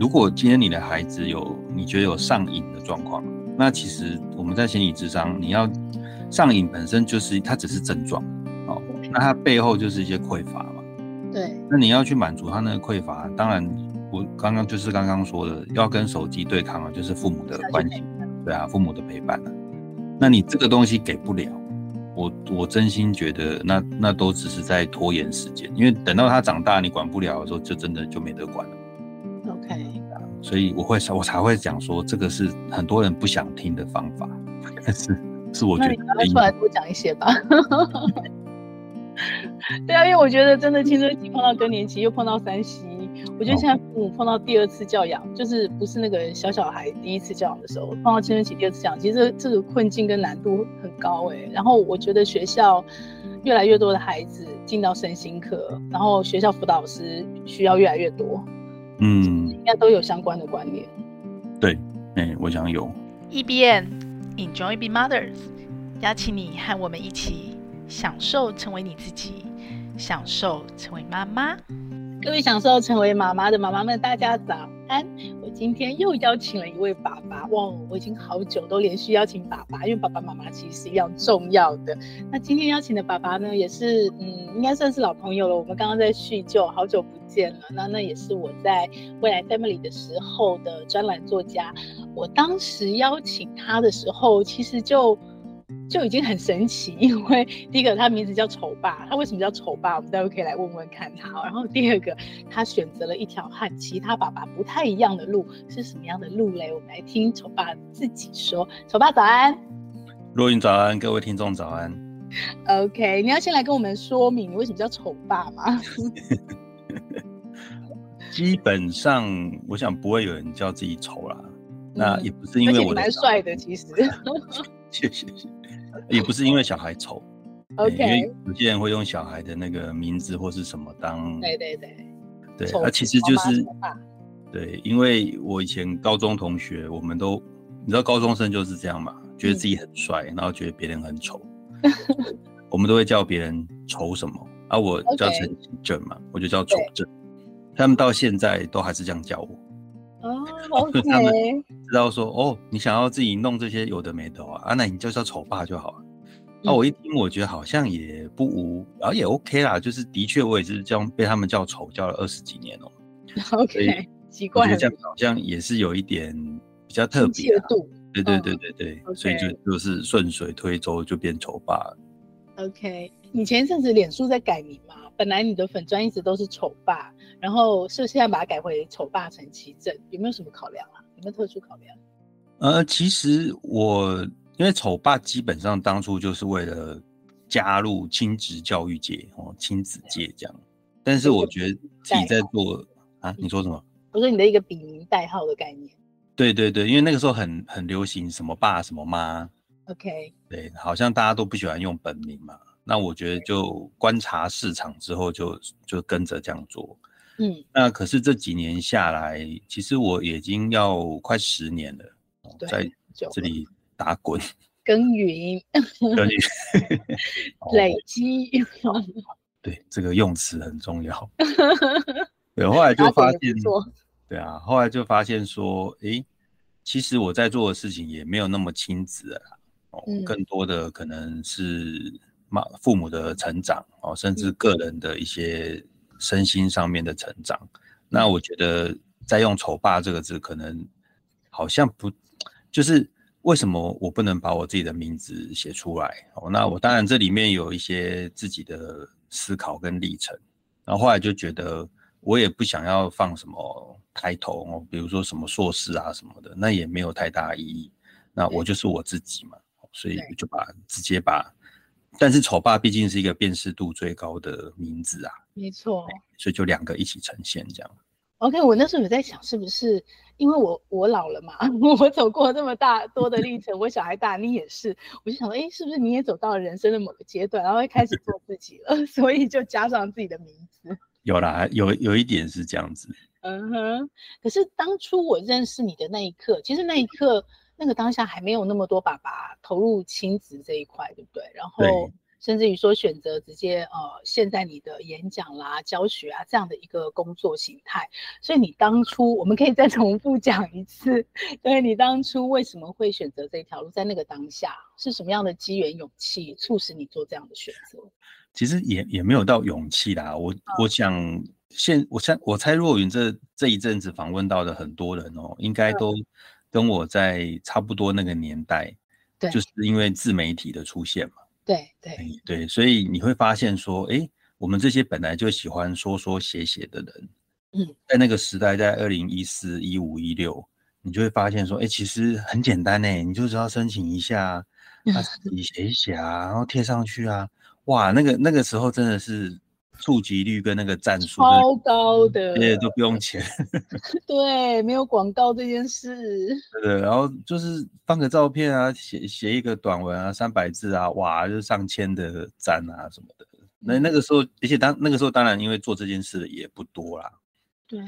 如果今天你的孩子有你覺得有上癮的狀況，那其實我們在心理諮商，你要上癮本身就是它只是症狀，哦，那它背後就是一些匱乏嘛。對，那你要去滿足他那個匱乏，當然我剛剛就是剛剛說的，嗯，要跟手機對抗啊，就是父母的關係。對啊，父母的陪伴啊。那你這個東西給不了，我我真心覺得那那都只是在拖延時間，因為等到他長大你管不了的時候，就真的就沒得管了。所以我會，我才會講說，這個是很多人不想聽的方法，但是是我覺得。那你拿出來多講一些吧。 對啊，因為我覺得真的青春期碰到更年期，又碰到三 C，我覺得現在父母碰到第二次教養，就是不是那個小小孩第一次教養的時候，碰到青春期第二次教養，其實這個困境跟難度很高哎、欸。然後我覺得學校越來越多的孩子進到身心科，然後學校輔導師需要越來越多。嗯，應該都有相關的觀念。嗯、對，哎、欸，我想有。EBM Enjoy Being Mothers，邀請你和我們一起享受成為你自己，享受成為媽媽。各位享受成為媽媽的媽媽們，大家早安，我今天又邀請了一位爸爸，哇！我已經好久都連續邀請爸爸，因為爸爸媽媽其實是一樣重要的。那今天邀請的爸爸呢，也是嗯，應該算是老朋友了。我們剛剛在敘舊，好久不見了。那那也是我在未來 Family 的時候的專欄作家。我當時邀請他的時候，其實就。就已經很神奇，因為第一個他名字叫醜爸，他為什麼叫醜爸？我們待會可以來問問看他。然後第二個，他選擇了一條和其他爸爸不太一樣的路，是什麼樣的路嘞？我們來聽醜爸自己說。醜爸早安。若云早安，各位聽眾早安。OK，你要先來跟我們說明你為什麼叫醜爸嗎？ 基本上，我想不會有人叫自己醜啦、嗯。那也不是因為我是蠻帥的，的，其實。謝謝。Okay. 也不是因為小孩醜、okay. 欸，因為有些人會用小孩的那個名字或是什麼當，對對對，對，他、啊、其實就是媽媽，對，因為我以前高中同學，我們都，你知道高中生就是這樣嘛，覺得自己很帥、嗯，然後覺得別人很醜， 我們都會叫別人醜什麼，啊，我叫陳正嘛，okay. 我就叫醜正，他們到現在都還是這樣叫我。哦，好可愛。知道說哦，你想要自己弄這些有的沒的啊，阿、啊、你就叫叫醜爸就好了、啊。那、啊、我一聽，我覺得好像也不無，然、mm、後 -hmm. 也 OK 啦，就是的確我也是這樣被他們叫醜叫了二十幾年哦、喔。OK，奇怪，這樣好像也是有一點比較特別、啊。對對對對對。Oh, okay. 所以就就是順水推舟就變醜爸。OK，你前一陣子臉書在改名嘛，本來你的粉專一直都是醜爸。然後是不現在把它改回醜爸陳其正？有沒有什麼考量啊？有沒有特殊考量？呃，其實我因為醜爸基本上當初就是為了加入親子教育界哦，親子界這樣。但是我覺得自己在做啊，你說什麼？嗯、我說你的一個筆名代號的概念。對對對，因為那個時候很很流行什麼爸什麼媽。OK。對，好像大家都不喜歡用本名嘛。那我覺得就觀察市場之後就，就就跟着這樣做。嗯，那可是這幾年下來，其實我已經要快十年了，在這裡打滾、耕耘、耕耘、 累積。哦、 對，這個用詞很重要。 對，後來就發現，對啊，後來就發現說，哎、欸，其實我在做的事情也沒有那麼親子啊。哦，嗯。更多的可能是父母的成長，哦，甚至個人的一些、嗯。身心上面的成長，那我覺得再用“醜爸”這個字，可能好像不就是為什麼我不能把我自己的名字寫出來？哦、嗯，那我當然這裡面有一些自己的思考跟歷程，然後後來就覺得我也不想要放什麼抬頭，比如說什麼碩士啊什麼的，那也沒有太大意義。那我就是我自己嘛，嗯，所以就把，嗯、直接把。但是醜爸畢竟是一個辨識度最高的名字啊，沒錯，所以就兩個一起呈現這樣。OK，我那時候有在想，是不是因為我我老了嘛，我走過這麼大多的歷程， 我小孩大，你也是，我就想說，哎、欸，是不是你也走到了人生的某個階段，然後開始做自己了？ 所以就加上自己的名字。有啦，有有一點是這樣子。嗯哼，可是當初我認識你的那一刻，其實那一刻。那個當下還沒有那麼多爸爸投入親子這一塊，對不對？然後甚至於說選擇直接呃，現在你的演講啦、教學啊，這樣的一個工作形態。所以你當初，我們可以再重複講一次，對，你當初為什麼會選擇這條路，在那個當下是什麼樣的機緣、勇氣促使你做這樣的選擇？其實也也沒有到勇氣啦，我、嗯、我想現我猜我猜若雲這這一陣子訪問到的很多人哦，應該都。嗯跟我在差不多那個年代，對，就是因為自媒體的出現嘛，對對、欸、對，所以你會發現說，哎、欸，我們這些本來就喜歡說說寫寫的人，嗯，在那個時代，在二零一四一五一六，你就會發現說，哎、欸，其實很簡單誒、欸，你就只要申請一下，啊、自己寫一寫啊，然後貼上去啊， 哇，那個那個時候真的是。觸及率跟那個讚數超高的，那、嗯、都不用錢，對， 沒有廣告這件事。對，然後就是放個照片啊，寫寫一個短文啊，三百字啊，哇，就上千的讚啊什麼的。那那個時候，而且當那個時候當然因為做這件事的也不多啦。對，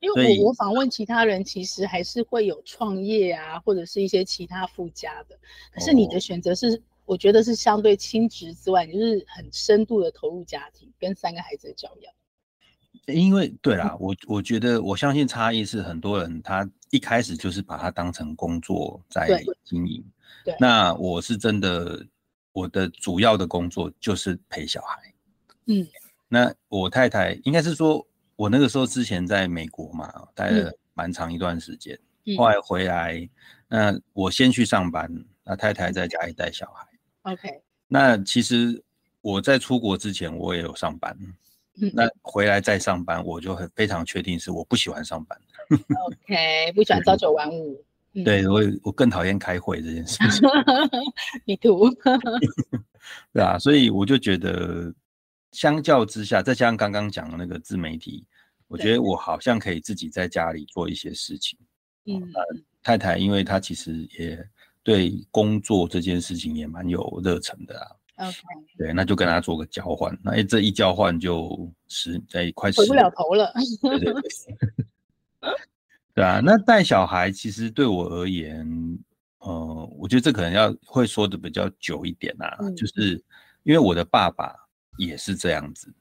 因為我我訪問其他人，其實還是會有創業啊，或者是一些其他附加的。可是你的選擇是、哦。我覺得是相對親職之外，就是很深度的投入家庭跟三個孩子的教養。因為對啦，嗯、我我覺得我相信差異是很多人他一開始就是把它當成工作在經營。對，那我是真的，我的主要的工作就是陪小孩。嗯，那我太太應該是說我那個時候之前在美國嘛，待了蠻長一段時間、嗯，後來回來，那我先去上班，那太太在家裡帶小孩。OK，那其實我在出國之前我也有上班，嗯、那回來再上班，我就很非常確定是我不喜歡上班的 OK，呵呵，不喜歡朝九晚五。對、嗯、對我我更討厭開會這件事。Me too 對啊，所以我就覺得相較之下，再加上剛剛講的那個自媒體，我覺得我好像可以自己在家裡做一些事情。哦、嗯，太太因為她其實也。對工作這件事情也蠻有熱忱的啊。OK，對，那就跟他做個交換。那這一交換就是在快十回不了頭了。 對，對，對， 對啊，那帶小孩其實對我而言，呃，我覺得這可能要會說的比較久一點啊、嗯，就是因為我的爸爸也是這樣子。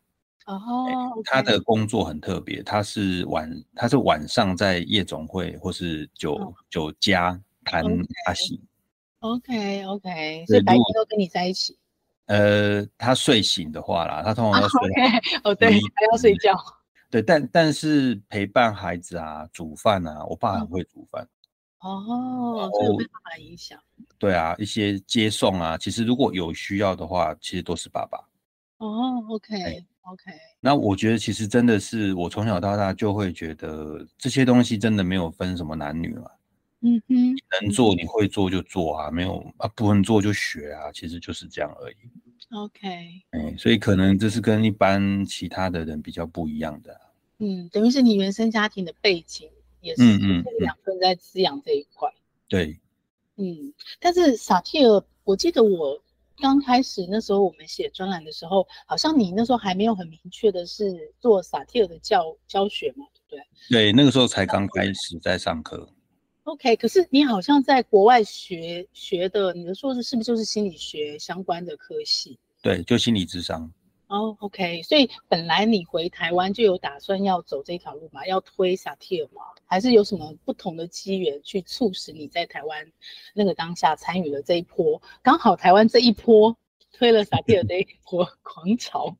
哦、oh, okay.，他的工作很特別，他是晚他是晚上在夜總會或是酒、oh. 酒家彈阿琴。Okay. OK OK，所以白天都跟你在一起。呃，他睡醒的話啦，他通常要睡。啊、okay, 哦對，還、嗯、要睡覺。對，但但是陪伴孩子啊、煮飯啊，我爸很會煮飯。哦，所以被他的影響。對啊，一些接送啊，其實如果有需要的話，其實都是爸爸。哦，OK、欸、OK。那我覺得其實真的是我從小到大就會覺得這些東西真的沒有分什麼男女了、啊。嗯哼，能做你會做就做啊，嗯、沒有啊，不能做就學啊，其實就是這樣而已。OK，哎、欸，所以可能這是跟一般其他的人比較不一樣的、啊。嗯，等於是你原生家庭的背景也是嗯，嗯嗯兩個人在滋養這一塊。對，嗯，但是薩提爾，我記得我剛開始那時候我們寫專欄的時候，好像你那時候還沒有很明確的是做薩提爾的教教學嘛，對不對？對，那個時候才剛開始在上課。OK，可是你好像在國外學學的，你的碩士是不是就是心理學相關的科系？對，就心理諮商。哦、oh,，OK，所以本來你回台灣就有打算要走這條路嘛，要推 Satir 嘛？還是有什麼不同的機緣去促使你在台灣那個當下參與了這一波？剛好台灣這一波推了 Satir 這一波狂潮。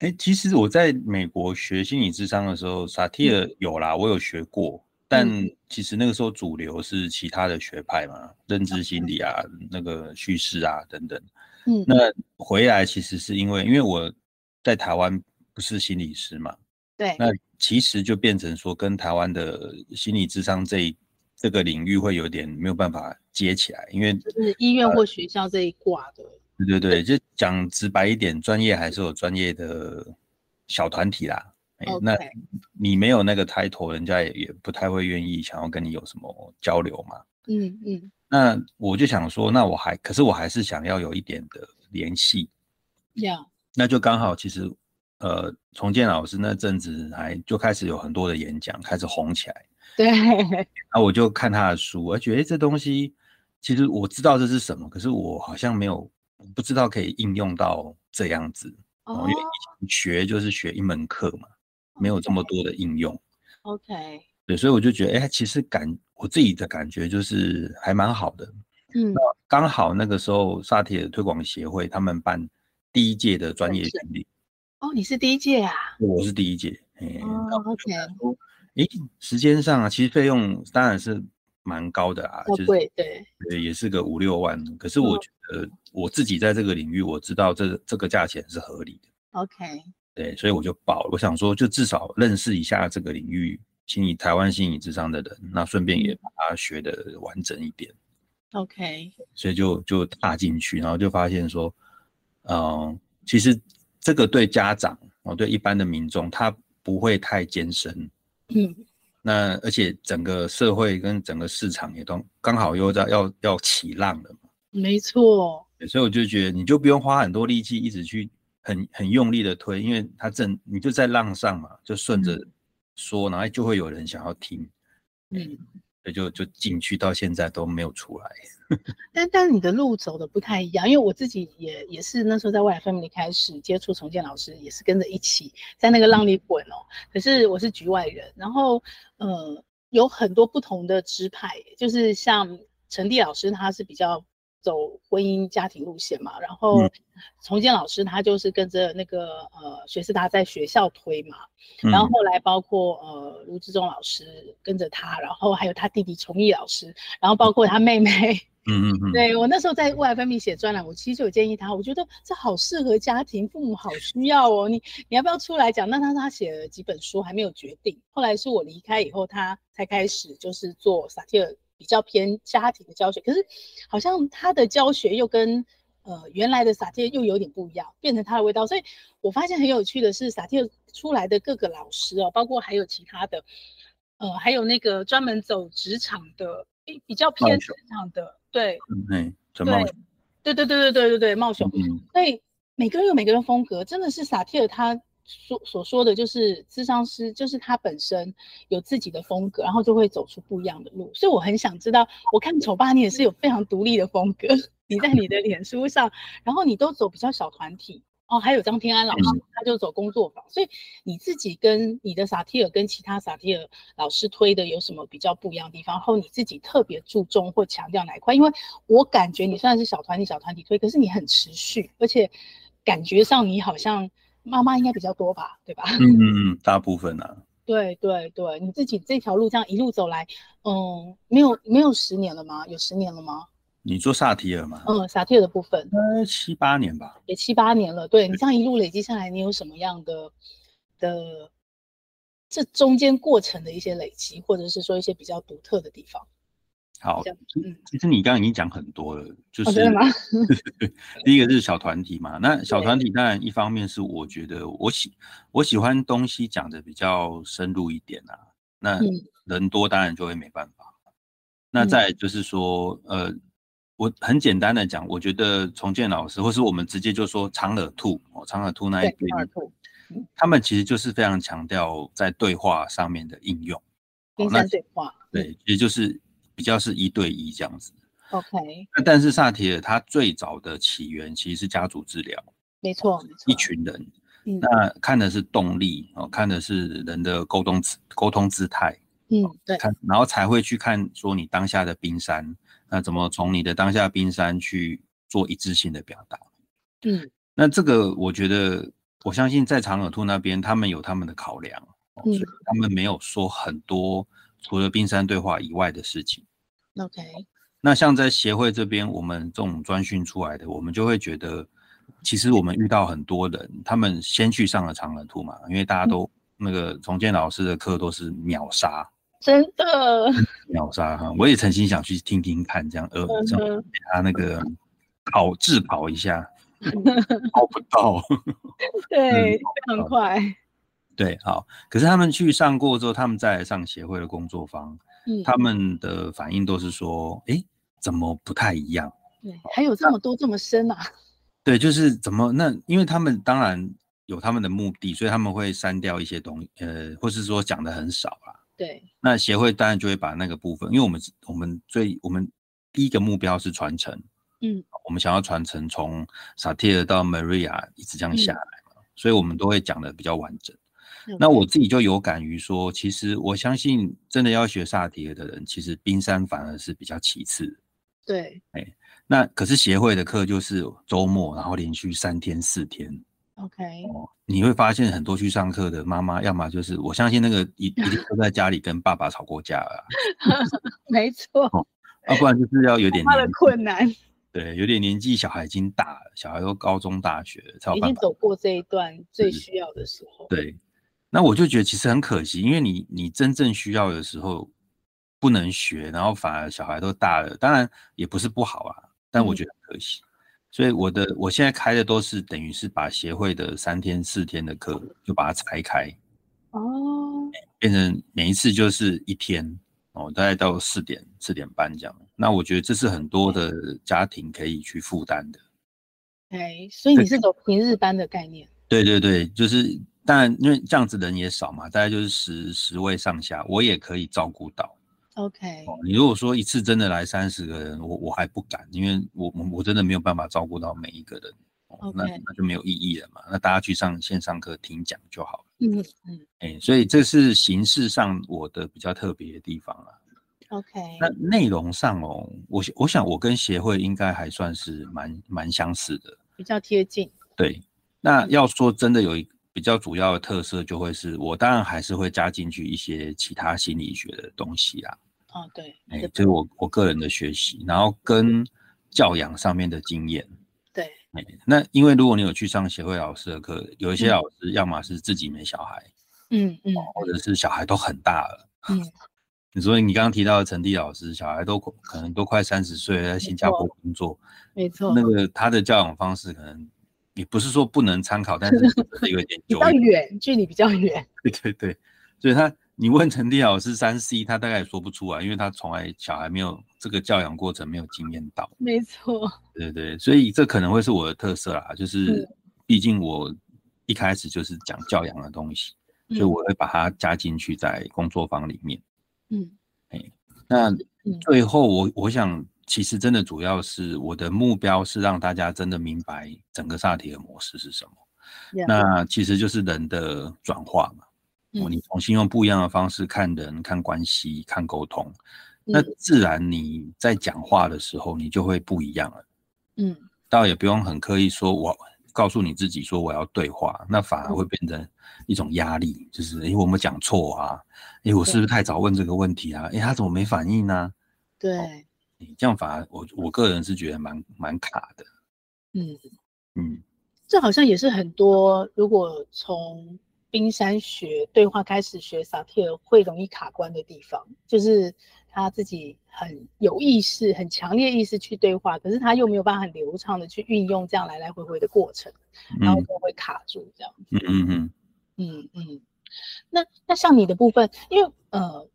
哎、欸，其實我在美國學心理諮商的時候，Satir 有啦、嗯，我有學過。但其實那個時候主流是其他的學派嘛，嗯、認知心理啊，那個敘事啊等等。嗯，那回來其實是因為，因為我在台灣不是心理師嘛。對。那其實就變成說，跟台灣的心理諮商這一這個領域會有點沒有辦法接起來，因為就是醫院或學校這一掛的。呃、 對對對，就講直白一點，專 業還是有專業的小團體啦。那你沒有那個抬頭，人家也也不太會願意想要跟你有什麼交流嘛。嗯嗯。那我就想說，那我還可是我還是想要有一點的聯繫。有、yeah.，那就剛好，其實呃，重建老師那陣子還就開始有很多的演講，開始紅起來。對。那我就看他的書，我覺得這東西其實我知道這是什麼，可是我好像沒有我不知道可以應用到這樣子。哦、oh. 嗯。因為以前學就是學一門課嘛。Okay. 沒有這麼多的應用，OK，對，所以我就覺得，哎、欸，其實感我自己的感覺就是還蠻好的，嗯，剛、啊、好那個時候薩提爾推廣協會他們辦第一屆的專業成立、嗯，哦，你是第一屆啊，我是第一屆，OK 哎，時間上啊，其實費用當然是蠻高的啊，好、就、貴、是哦，對，對，也是個五六萬，可是我覺得我自己在這個領域，我知道這、哦、這個價錢是合理的，OK。對，所以我就報了，我想說，就至少認識一下這個領域，心理台灣心理諮商的人，那順便也把它學得完整一點。OK，所以就就踏進去，然後就發現說，嗯、呃，其實這個對家長，哦、呃，對一般的民眾，他不會太艱深。嗯。那而且整個社會跟整個市場也都剛好又在要要，要起浪了嘛。沒錯。所以我就覺得，你就不用花很多力氣一直去。很很用力的推，因為他正你就在浪上嘛，就順着說，然後就會有人想要聽，嗯，所、欸、以就就進去到現在都沒有出來。嗯、呵呵但但是你的路走的不太一樣，因為我自己也也是那時候在未來 Family 開始接觸崇建老師，也是跟着一起在那個浪裡滾哦。可是我是局外人，然後呃有很多不同的支派，就是像陳弟老師他是比較。走婚姻家庭路線嘛，然後崇建老師他就是跟着那個、mm. 呃學士他在學校推嘛，然後後來包括、mm. 呃盧志忠老師跟着他，然後還有他弟弟崇義老師，然後包括他妹妹，嗯嗯嗯，對我那時候在《未來 Family》寫專欄，我其實就有建議他，我覺得這好適合家庭，父母好需要哦，你你要不要出來講？那他他寫了幾本書還沒有決定，後來是我離開以後他才開始就是做薩提爾。比較偏家庭的教學，可是好像他的教學又跟呃原來的薩提爾又有點不一樣，變成他的味道。所以我發現很有趣的是，薩提爾出來的各個老師哦，包括還有其他的，呃，還有那個專門走職場的，比，比較偏職場的，對，哎、嗯，對，對對對對對對對、嗯嗯、對，冒險，所以每個人有每個人風格，真的是薩提爾他。所，所說的就是諮商師，就是他本身有自己的風格，然後就會走出不一樣的路。所以我很想知道，我看醜爸，你也是有非常獨立的風格。你在你的臉書上，然後你都走比較小團體哦，還有張天安老師，他就走工作坊。所以你自己跟你的薩提爾跟其他薩提爾老師推的有什麼比較不一樣的地方？然後你自己特別注重或強調哪一塊？因為我感覺你算是小團體小團體推，可是你很持續，而且感覺上你好像。媽媽應該比較多吧，對吧？嗯嗯，大部分呢、啊 。對對對，你自己這條路這樣一路走來，嗯，沒有沒有十年了嗎？有十年了嗎？你做薩提爾嗎？嗯，薩提爾的部分，應該七八年吧，也七八年了，對，你這樣一路累積下來，你有什麼樣的的這中間過程的一些累積，或者是說一些比較獨特的地方？好、嗯，其實你剛剛已經講很多了，就是、哦、 第一個是小團體嘛。那小團體當然一方面是我覺得我喜我喜歡東西講的比較深入一點啊。那人多當然就會沒辦法。嗯、那再就是說、嗯，呃，我很簡單的講，我覺得崇建老師或是我們直接就說長耳兔哦，長耳兔那一邊、嗯，他們其實就是非常強調在對話上面的應用，那對話那、嗯、對，也就是。比較是一對一這樣子，OK。那、啊、但是薩提爾他最早的起源其實是家族治療，沒錯，一群人、嗯，那看的是動力哦，看的是人的溝通姿，溝通姿態，嗯對。看，然後才會去看說你當下的冰山，那怎麼從你的當下冰山去做一致性的表達？嗯，那這個我覺得，我相信在長耳兔那邊，他們有他們的考量，哦、嗯，他們沒有說很多。除了冰山對話以外的事情，OK。那像在協會這邊，我們這種專訓出來的，我們就會覺得，其實我們遇到很多人，他們先去上了長耳兔嘛，因為大家都、嗯、那個崇建老師的課都是秒殺，真的秒殺哈！我也曾經想去聽聽看，這樣呃，這 樣、嗯、給他那個跑，自跑一下，跑 不到， 對，非、嗯、常快。對，好。可是他們去上過之後，他們再來上協會的工作坊，嗯，他們的反應都是說：“哎，欸，怎麼不太一樣？”對，還有這麼多這麼深啊？對，就是怎麼那？因為他們當然有他們的目的，所以他們會刪掉一些東西，呃，或是說講的很少啊。對，那協會當然就會把那個部分，因為我們我們最我們第一個目標是傳承，嗯，我們想要傳承從 Satir 到 Maria 一直這樣下來，嗯、所以我們都會講的比較完整。那我自己就有感於說，okay. 其實我相信，真的要學薩提爾的人，其實冰山反而是比較其次。對，哎、欸，那可是協會的課就是周末，然後連續三天四天。OK，哦，你會發現很多去上課的媽媽，要麼就是我相信那個一一定都在家裡跟爸爸吵過架了、啊。 沒錯。要、哦、不然就是要有點他的困難。對，有點年紀，小孩已經大了，小孩都高中大學，已經走過這一段最需要的時候。對。那我就覺得其實很可惜，因為你你真正需要的時候不能學，然後反而小孩都大了。當然也不是不好啊，但我覺得很可惜。嗯。所以我的我現在開的都是等於是把協會的三天四天的課就把它拆開，哦，變成每一次就是一天哦，大概到四點四點半這樣。那我覺得這是很多的家庭可以去負擔的。哎，哎，所以你是走平日班的概念？對對對，就是。但因為這樣子人也少嘛，大概就是十十位上下，我也可以照顧到。OK。哦，你如果說一次真的來三十個人，我我還不敢，因為我我我真的沒有辦法照顧到每一個人。哦、OK。那那就沒有意義了嘛，那大家去上線上課聽講就好了。嗯嗯。哎、欸，所以這是形式上我的比較特別的地方啦。OK。那內容上哦，我我想我跟協會應該還算是蠻蠻相似的。比較貼近。對。那要說真的有一個。嗯比較主要的特色就會是，我當然還是會加進去一些其他心理學的東西啊。嗯，對。哎、欸，這、就是我我個人的學習，然後跟教養上面的經驗。對、欸。那因為如果你有去上協會老師的課，有一些老師要麼是自己沒小孩，嗯嗯，或者是小孩都很大了。嗯。所以、嗯嗯、你剛剛提到陳弟老師，小孩都可能都快三十歲，在新加坡工作。沒錯。那個他的教養方式可能。也不是說不能參考， 但是有一點比較遠，距離比較遠。 對對對，所以他你問崇建老師 3C，他大概也說不出啊，因為他從來小孩沒有這個教養過程，沒有經驗到。沒錯。對，對對，所以這可能會是我的特色啦，就是畢竟我一開始就是講教養的東西，嗯，所以我會把它加進去在工作坊裡面。嗯，那最後我我想。其實真的主要是我的目標是讓大家真的明白整個薩提的模式是什麼。Yeah, 那其實就是人的轉化嘛，嗯。你重新用不一樣的方式看人，嗯，看關係，看溝通、嗯，那自然你在講話的時候你就會不一樣了。嗯，倒也不用很刻意說我告訴你自己說我要對話，那反而會變成一種壓力，嗯，就是為我們沒講錯啊？誒，我是不是太早問這個問題啊？哎他怎麼沒反應呢？啊？對。哦你這樣反而我我個人是覺得蠻蠻卡的，嗯嗯，這好像也是很多如果從冰山學對話開始學薩提爾會容易卡關的地方，就是他自己很有意識、很強烈意識去對話，可是他又沒有辦法很流暢的去運用這樣來來回回的過程，嗯、然後就會卡住這樣，嗯嗯嗯嗯嗯。那那像你的部分，因為呃，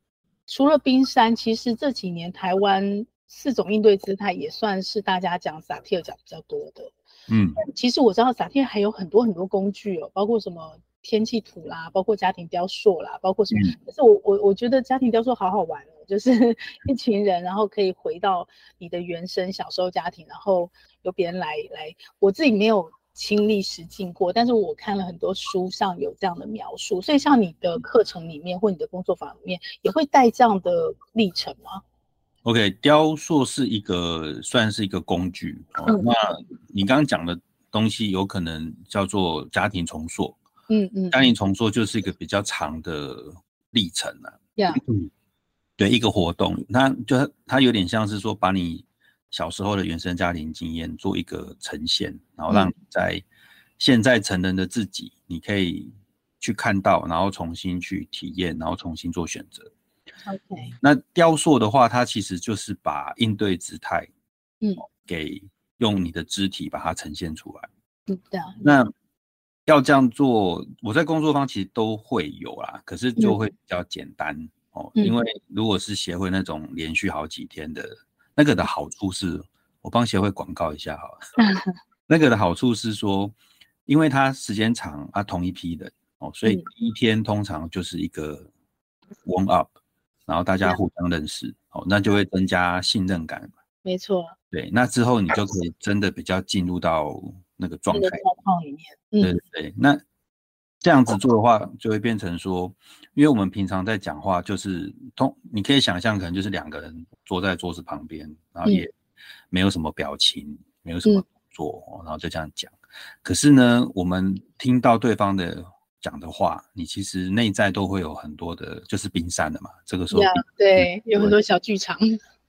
除了冰山，其實這幾年台灣。四種應對姿態也算是大家講薩提爾講比較多的、嗯。嗯，其實我知道薩提爾還有很多很多工具哦，包括什麼天氣圖啦，包括家庭雕塑啦，包括什麼。但是我我我覺得家庭雕塑好好玩哦，就是一群人，然後可以回到你的原生小時候家庭，然後由別人來來。我自己沒有親歷實境過，但是我看了很多書上有這樣的描述。所以像你的課程裡面或你的工作坊裡面，也會帶這樣的歷程嗎？OK，雕塑是一個算是一個工具。嗯。哦，那你剛剛講的東西，有可能叫做家庭重塑。嗯嗯。家庭重塑就是一個比較長的歷程了。對啊。嗯。對，一個活動，那就它有點像是說，把你小時候的原生家庭經驗做一個呈現，然後讓在現在成人的自己，你可以去看到，然後重新去體驗，然後重新做選擇。O.K. 那雕塑的話，它其實就是把應對姿態，嗯、喔，給用你的肢體把它呈現出來。對、嗯、那、嗯、要這樣做，我在工作坊其實都會有啦，可是就會比較簡單哦、嗯喔。因為如果是協會那種連續好幾天的，嗯、那個的好處是，我幫協會廣告一下哈。 那個的好處是說，因為它時間長，它、啊、同一批的哦、喔，所以第一天通常就是一個 warm up。然後大家互相認識、yeah. 哦，那就會增加信任感。沒錯，對，那之後你就可以真的比較進入到那個狀態、這個、狀裡、嗯、對對，那這樣子做的話，就會變成說，因為我們平常在講話，就是通，你可以想象，可能就是兩個人坐在桌子旁邊，然後也沒有什麼表情，嗯、沒有什麼動作、嗯，然後就這樣講。可是呢，我們聽到對方的。講的話，你其實內在都會有很多的，就是冰山的嘛。這個時候、yeah, 嗯，對，有很多小劇場。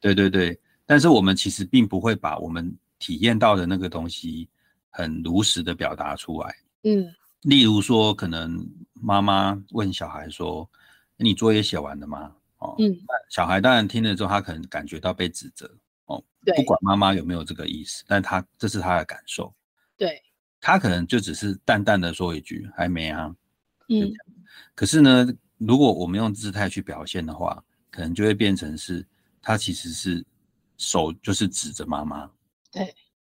對對對，但是我們其實並不會把我們體驗到的那個東西很如實的表達出來。嗯。例如說，可能媽媽問小孩說：“你作業寫完了嗎？”哦，嗯。小孩當然聽了之後，他可能感覺到被指責。哦，對。不管媽媽有沒有這個意思，但他這是他的感受。對。他可能就只是淡淡的說一句：“還沒啊。”嗯，可是呢，如果我們用姿態去表現的話，可能就會變成是，他其實是手就是指着媽媽。對，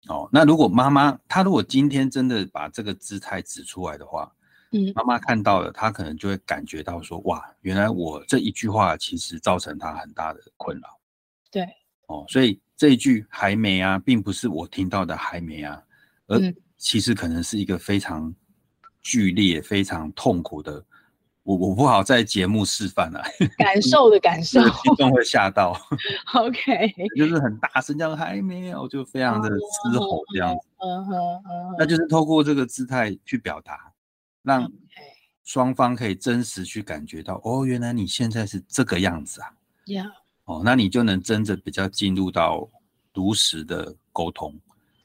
哦，那如果媽媽她如果今天真的把這個姿態指出來的話，嗯，媽媽看到了，她可能就會感覺到說，哇，原來我這一句話其實造成她很大的困擾。對，哦，所以這一句還沒啊，並不是我聽到的還沒啊，而其實可能是一個非常，劇烈、非常痛苦的，我我不好在節目示範啊，感受的感受，聽眾會嚇到。 OK，就是很大聲，這樣還沒有， 就非常的嘶吼這樣子。嗯哼，那就是透過這個姿態去表達，讓雙方可以真實去感覺到，okay. 哦，原來你現在是這個樣子啊。呀、yeah.。哦，那你就能真的比較進入到如實的溝通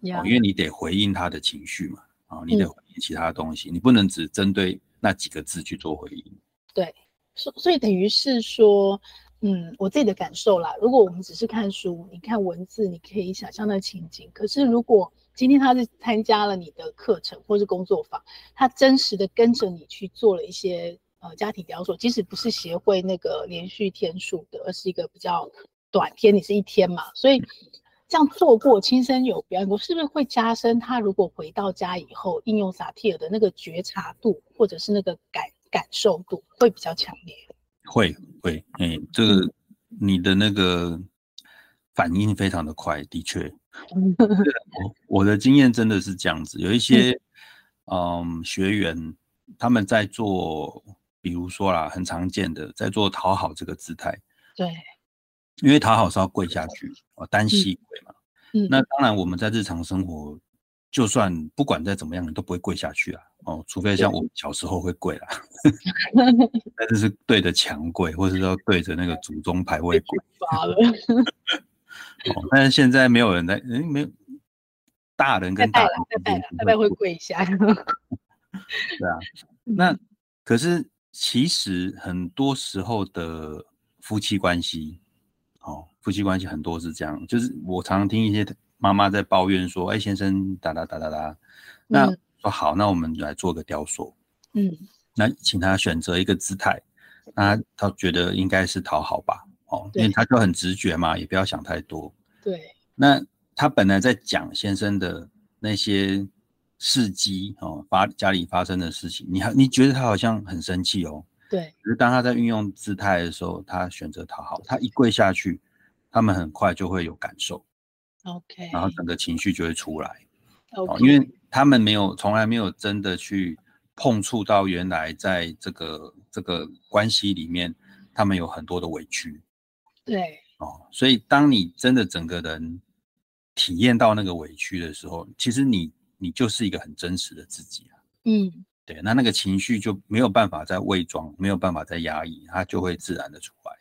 ，yeah. 哦，因為你得回應他的情緒嘛。啊、哦，你得回應其他的東西、嗯，你不能只針對那幾個字去做回應。對，所所以等於是說，嗯，我自己的感受啦。如果我們只是看書，你看文字，你可以想象那情景。可是如果今天他是參加了你的課程或是工作坊，他真實的跟着你去做了一些呃家庭雕塑，即使不是協會那個連續天數的，而是一個比較短天，你是一天嘛，所以。嗯這樣做過，親身有表演過，我是不是會加深他，如果回到家以後應用薩提爾的那個覺察度，或者是那個感感受度，會比較強烈？會會，哎、欸，這個你的那個反應非常的快，的確。 我我的經驗真的是這樣子，有一些嗯，嗯，學員他們在做，比如說啦，很常見的，在做討好這個姿態。對。因為討好是要跪下去，哦、嗯，單膝跪嘛、嗯。那當然，我們在日常生活、嗯，就算不管再怎麼樣，你都不會跪下去啊。哦，除非像我們小時候會跪啦，但、嗯、是 是對着牆跪，或者是說對着那個祖宗牌位跪。了 哦。但是現在沒有人在，哎，沒有大人跟大人長輩，長輩會跪，會跪下。 對啊。那、嗯、可是其實很多時候的夫妻關係。夫妻關係很多是這樣，就是我常常聽一些媽媽在抱怨說：“哎、欸，先生，噠噠噠噠噠。”嗯，那說好，那我們來做個雕塑。嗯，那請他選擇一個姿態。那他覺得應該是討好吧，哦，因為他就很直覺嘛，也不要想太多。對。那他本來在講先生的那些事蹟，哦，發家裡發生的事情，你還你覺得他好像很生氣哦？對。就是當他在運用姿態的時候，他選擇討好，他一跪下去。他們很快就會有感受，OK，然後整個情緒就會出來，okay。哦，因為他們沒有從來沒有真的去碰觸到原來在這個這個關係裡面，他們有很多的委屈，對、okay，哦，所以當你真的整個人體驗到那個委屈的時候，其實你你就是一個很真實的自己啊，嗯，對，那那個情緒就沒有辦法再偽裝，沒有辦法再壓抑，它就會自然的出來，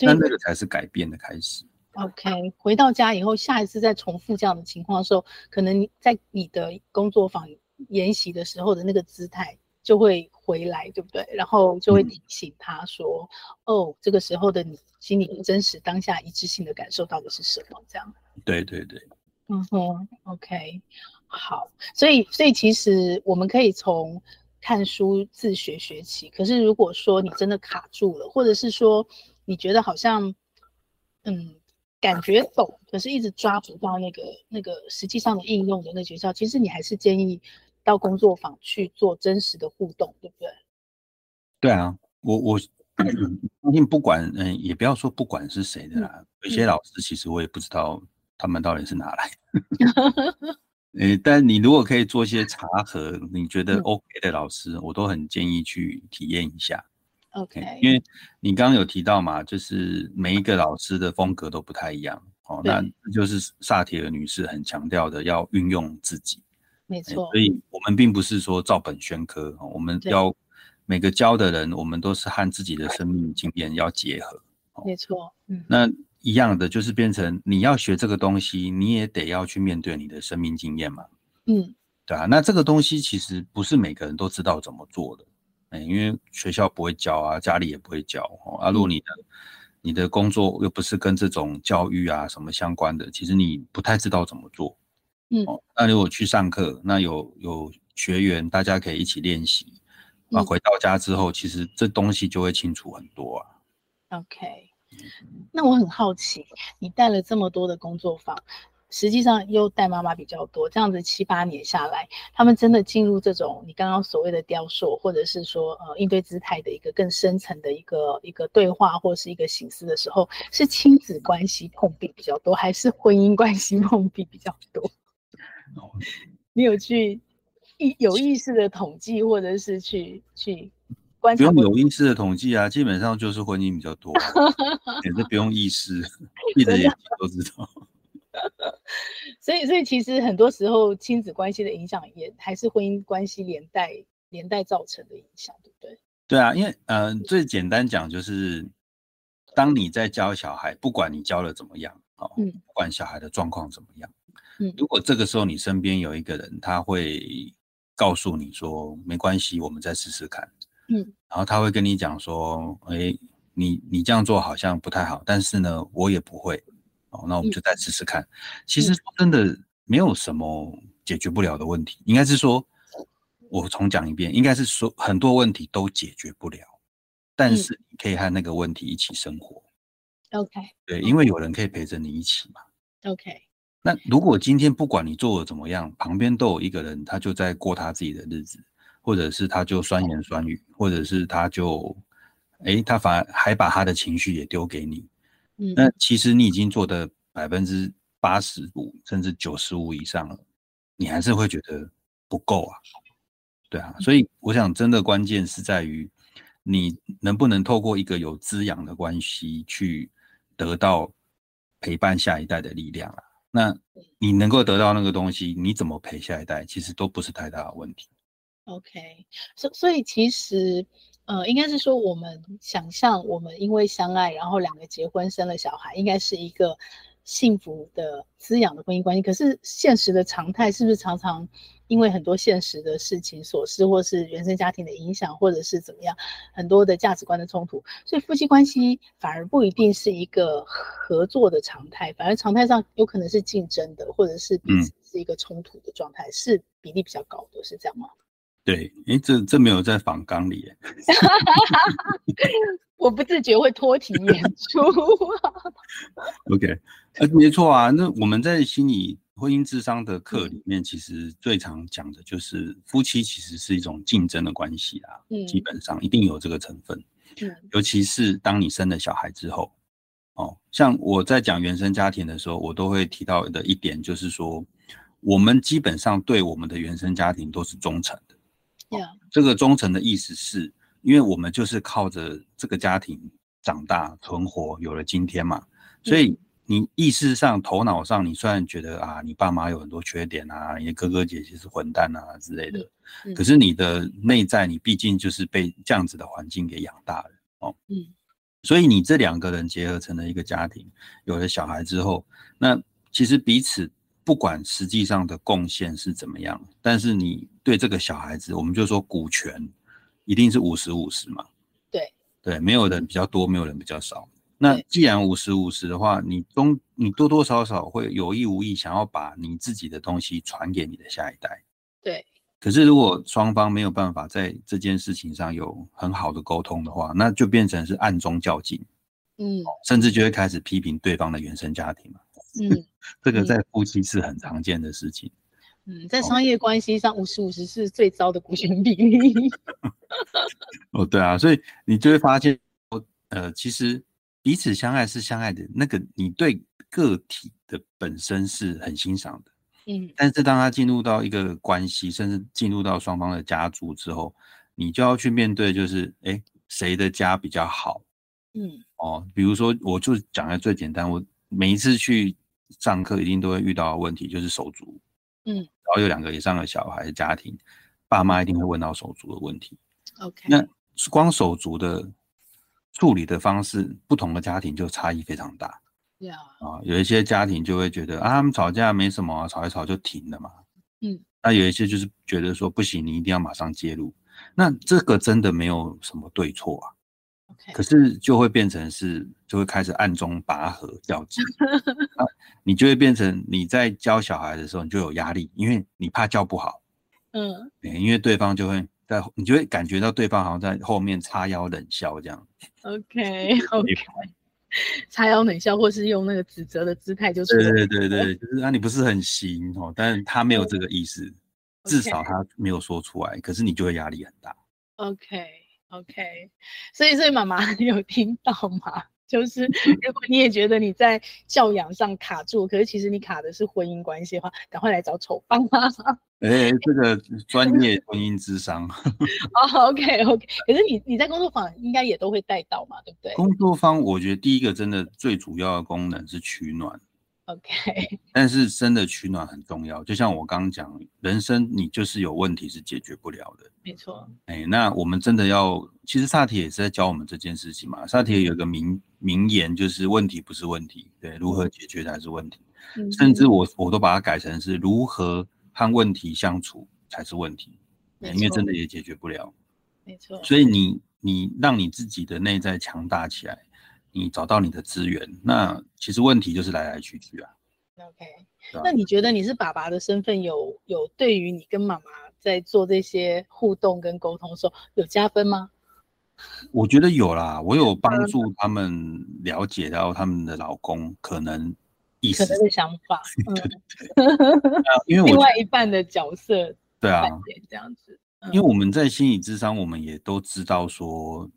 那那個才是改變的開始。OK，回到家以後，下一次再重複這樣的情況的時候，可能在你的工作坊研習的時候的那個姿態就會回來，對不對？然後就會提醒他說，嗯，“哦，這個時候的你心裡真實當下一致性的感受到的是什麼？”這樣。對對對。嗯哼，OK，好。所以，所以其實我們可以從看書自學學起。可是，如果說你真的卡住了，或者是說你覺得好像，嗯。感覺懂，可是一直抓不到那個那個實際上的應用的那訣竅，其實你還是建議到工作坊去做真實的互動，對不對？對啊，我我相信、嗯、不管嗯、呃，也不要說不管是誰的啦、嗯。有些老師其實我也不知道他們到底是哪來的。哎、 呃，但你如果可以做些查核，你覺得 OK 的老師、嗯，我都很建議去體驗一下。OK，因為你剛剛有提到嘛，就是每一個老師的風格都不太一樣哦。對。那就是薩提爾女士很強調的，要運用自己。沒錯、哎。所以我們並不是說照本宣科，哦、我們要每個教的人，我們都是和自己的生命經驗要結合、哦。沒錯。嗯。那一樣的就是變成你要學這個東西，你也得要去面對你的生命經驗嘛。嗯。對啊，那這個東西其實不是每個人都知道怎麼做的。因為學校不會教啊，家裡也不會教哦。啊，如果你的、嗯、你的工作又不是跟這種教育啊什麼相關的，其實你不太知道怎麼做。嗯，哦、那如果去上課，那有有學員大家可以一起練習。那、嗯、回到家之後，其實這東西就會清楚很多啊。OK。嗯、那我很好奇，你帶了這麼多的工作坊。實際上又帶媽媽比較多，這樣子七八年，下來，他們真的進入這種你剛剛所謂的雕塑，或者是說呃應對姿態的一個更深層的一個一個對話，或是一個形式的時候，是親子關係碰壁比較多，還是婚姻關係碰壁比較多？No. 你有去意有意識的統計，或者是去去觀察？不用有意識的統計啊， 基本上就是婚姻比較多，簡 直、欸、不用意識，一眼都知道。 所以，所以其實很多時候，親子關係的影響也還是婚姻關係連帶、連帶造成的影響，對不對？對啊，因為嗯、呃，最簡單講就是，當你在教小孩，不管你教的怎麼樣，哦、嗯，不管小孩的狀況怎麼樣，嗯，如果這個時候你身邊有一個人，他會告訴你說，沒關係，我們再試試看，嗯，然後他會跟你講說，哎，你你這樣做好像不太好，但是呢，我也不會。哦、那我們就再試試看。嗯、其實說真的，沒有什麼解決不了的問題，嗯嗯，應該是說，我重講一遍，應該是說很多問題都解決不了，但是你可以和那個問題一起生活。OK，嗯、對、嗯，因為有人可以陪着你一起嘛。OK，嗯、那如果今天不管你做的怎麼樣、嗯，旁邊都有一個人，他就在過他自己的日子，或者是他就酸言酸語，嗯、或者是他就，哎，他反而還把他的情緒也丟給你。那其實你已經做的百分之八十五甚至九十五以上了，你還是會覺得不夠啊？對啊，所以我想真的關鍵是在於你能不能透過一個有滋養的關係去得到陪伴下一代的力量啊。那你能夠得到那個東西，你怎麼陪下一代，其實都不是太大的問題。OK，所、so, 所以其實。呃，應該是說我們想象我們因為相愛，然後兩個結婚生了小孩，應該是一個幸福的滋養的婚姻關係。可是現實的常態是不是常常因為很多現實的事情瑣事，或是原生家庭的影響，或者是怎麼樣，很多的價值觀的衝突，所以夫妻關係反而不一定是一個合作的常態，反而常態上有可能是競爭的，或者是彼此是一個衝突的狀態，嗯，是比例比較高的，是這樣嗎？對，哎，這這沒有在訪綱裡耶。 我不自覺會脫題演出，啊。 okay, 呃，OK，沒錯啊。那我們在心理婚姻諮商的課裡面，其實最常講的就是夫妻其實是一種競爭的關係啊。嗯。基本上一定有這個成分，嗯。尤其是當你生了小孩之後，哦，像我在講原生家庭的時候，我都會提到的一點就是說，我們基本上對我們的原生家庭都是忠誠的。這個忠誠的意思是，因為我們就是靠着這個家庭長大、存活，有了今天嘛。所以你意識上、頭腦上，你雖然覺得啊，你爸媽有很多缺點啊，你的哥哥姐姐是混蛋啊之類的，可是你的內在，你畢竟就是被這樣子的環境給養大了哦。嗯，所以你這兩個人結合成了一個家庭，有了小孩之後，那其實彼此。不管實際上的貢獻是怎麼樣，但是你對這個小孩子，我們就說股權一定是五十五十嘛。對對，沒有人比較多，沒有人比較少。那既然五十五十的話，你中你多多少少會有意無意想要把你自己的東西傳給你的下一代。對。可是如果雙方沒有辦法在這件事情上有很好的溝通的話，那就變成是暗中較勁，嗯，甚至就會開始批評對方的原生家庭嘛。嗯， 這個在夫妻是很常見的事情。嗯，在商業關係上，五十五十是最糟的股權比例。 哦，對啊，所以你就會發現，呃，其實彼此相愛是相愛的，那個你對個體的本身是很欣賞的。嗯，但是當他進入到一個關係，甚至進入到雙方的家族之後，你就要去面對，就是哎，誰的家比較好？嗯，哦，比如說，我就講的最簡單，我每一次去。上課一定都會遇到的問題，就是手足，嗯，然後有兩個以上的小孩的家庭，爸媽一定會問到手足的問題。OK，那光手足的處理的方式，不同的家庭就差異非常大。啊，有一些家庭就會覺得啊，他們吵架沒什麼啊，吵一吵就停了嘛。嗯，那有一些就是覺得說不行，你一定要馬上介入。那這個真的沒有什麼對錯啊。Okay. 可是就會變成是，就會開始暗中拔河、較 勁、啊，你就會變成你在教小孩的時候，你就有壓力，因為你怕教不好。嗯、欸，因為對方就會在，你就會感覺到對方好像在後面叉腰冷笑這樣。OK，OK，okay, okay. 叉腰冷笑，或是用那個指責的姿態，就是對對對對，呵呵就是那、啊、你不是很行哦？但是他沒有這個意思，嗯 okay. 至少他沒有說出來，可是你就會壓力很大。OK。OK，所以所以媽媽你有聽到嗎？就是如果你也覺得你在教養上卡住，可是其實你卡的是婚姻關係的話，趕快來找醜爸吧、啊。哎、 欸，這個專業婚姻諮商。哦、 oh,，OK，OK，、okay, okay. 可是你你在工作坊應該也都會帶到嘛，對不對？工作坊我覺得第一個真的最主要的功能是取暖。OK，但是真的取暖很重要，就像我剛剛講，人生你就是有問題是解決不了的，沒錯。哎、欸，那我們真的要，其實薩提也是在教我們這件事情嘛。薩、嗯、提有個名名言，就是問題不是問題，對，如何解決才是問題。嗯、甚至我我都把它改成是如何和問題相處才是問題，欸、因為真的也解決不了，沒錯。所以你你讓你自己的內在強大起來。你找到你的資源，那其實問題就是來來去去啊。OK，那你覺得你是爸爸的身份有有對於你跟媽媽在做這些互動跟溝通的時候有加分嗎？我覺得有啦，我有幫助他們了解到他們的老公、嗯、可能意思可能的想法，嗯 對對對 啊、因為我另外一半的角色對啊，這樣子、嗯。因為我們在心理諮商，我們也都知道說。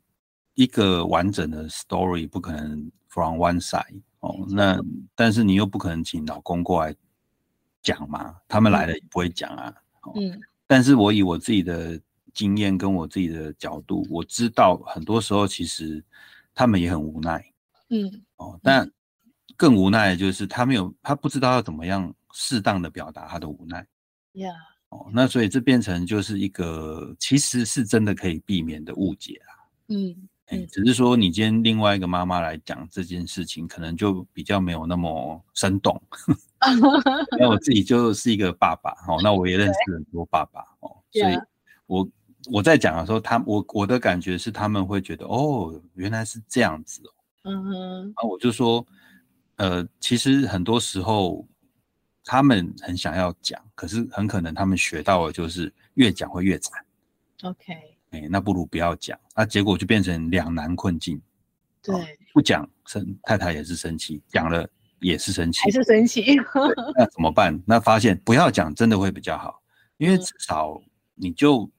一個完整的 story 不可能 from one side 哦，那但是你又不可能請老公過來講嘛，他們來了也不會講啊。嗯、哦。嗯，但是我以我自己的經驗跟我自己的角度，我知道很多時候其實他們也很無奈。嗯，哦，但更無奈的就是他沒有，他不知道要怎麼樣適當的表達他的無奈。嗯。哦，那所以這變成就是一個其實是真的可以避免的誤解啊。嗯。只是說你今天另外一個媽媽來講這件事情，可能就比較沒有那麼生動 那 我自己就是一個爸爸哦，那我也認識很多爸爸、okay. 哦，所以我我在講的時候，他我我的感覺是他們會覺得哦，原來是這樣子哦。嗯哼。啊，我就說，呃，其實很多時候他們很想要講，可是很可能他們學到的就是越講會越慘。OK。哎、欸，那不如不要講，那、啊、結果就變成兩難困境。對，哦、不講生太太也是生氣，講了也是生氣，還是生氣。 那怎麼辦？那發現不要講真的會比較好，因為至少你就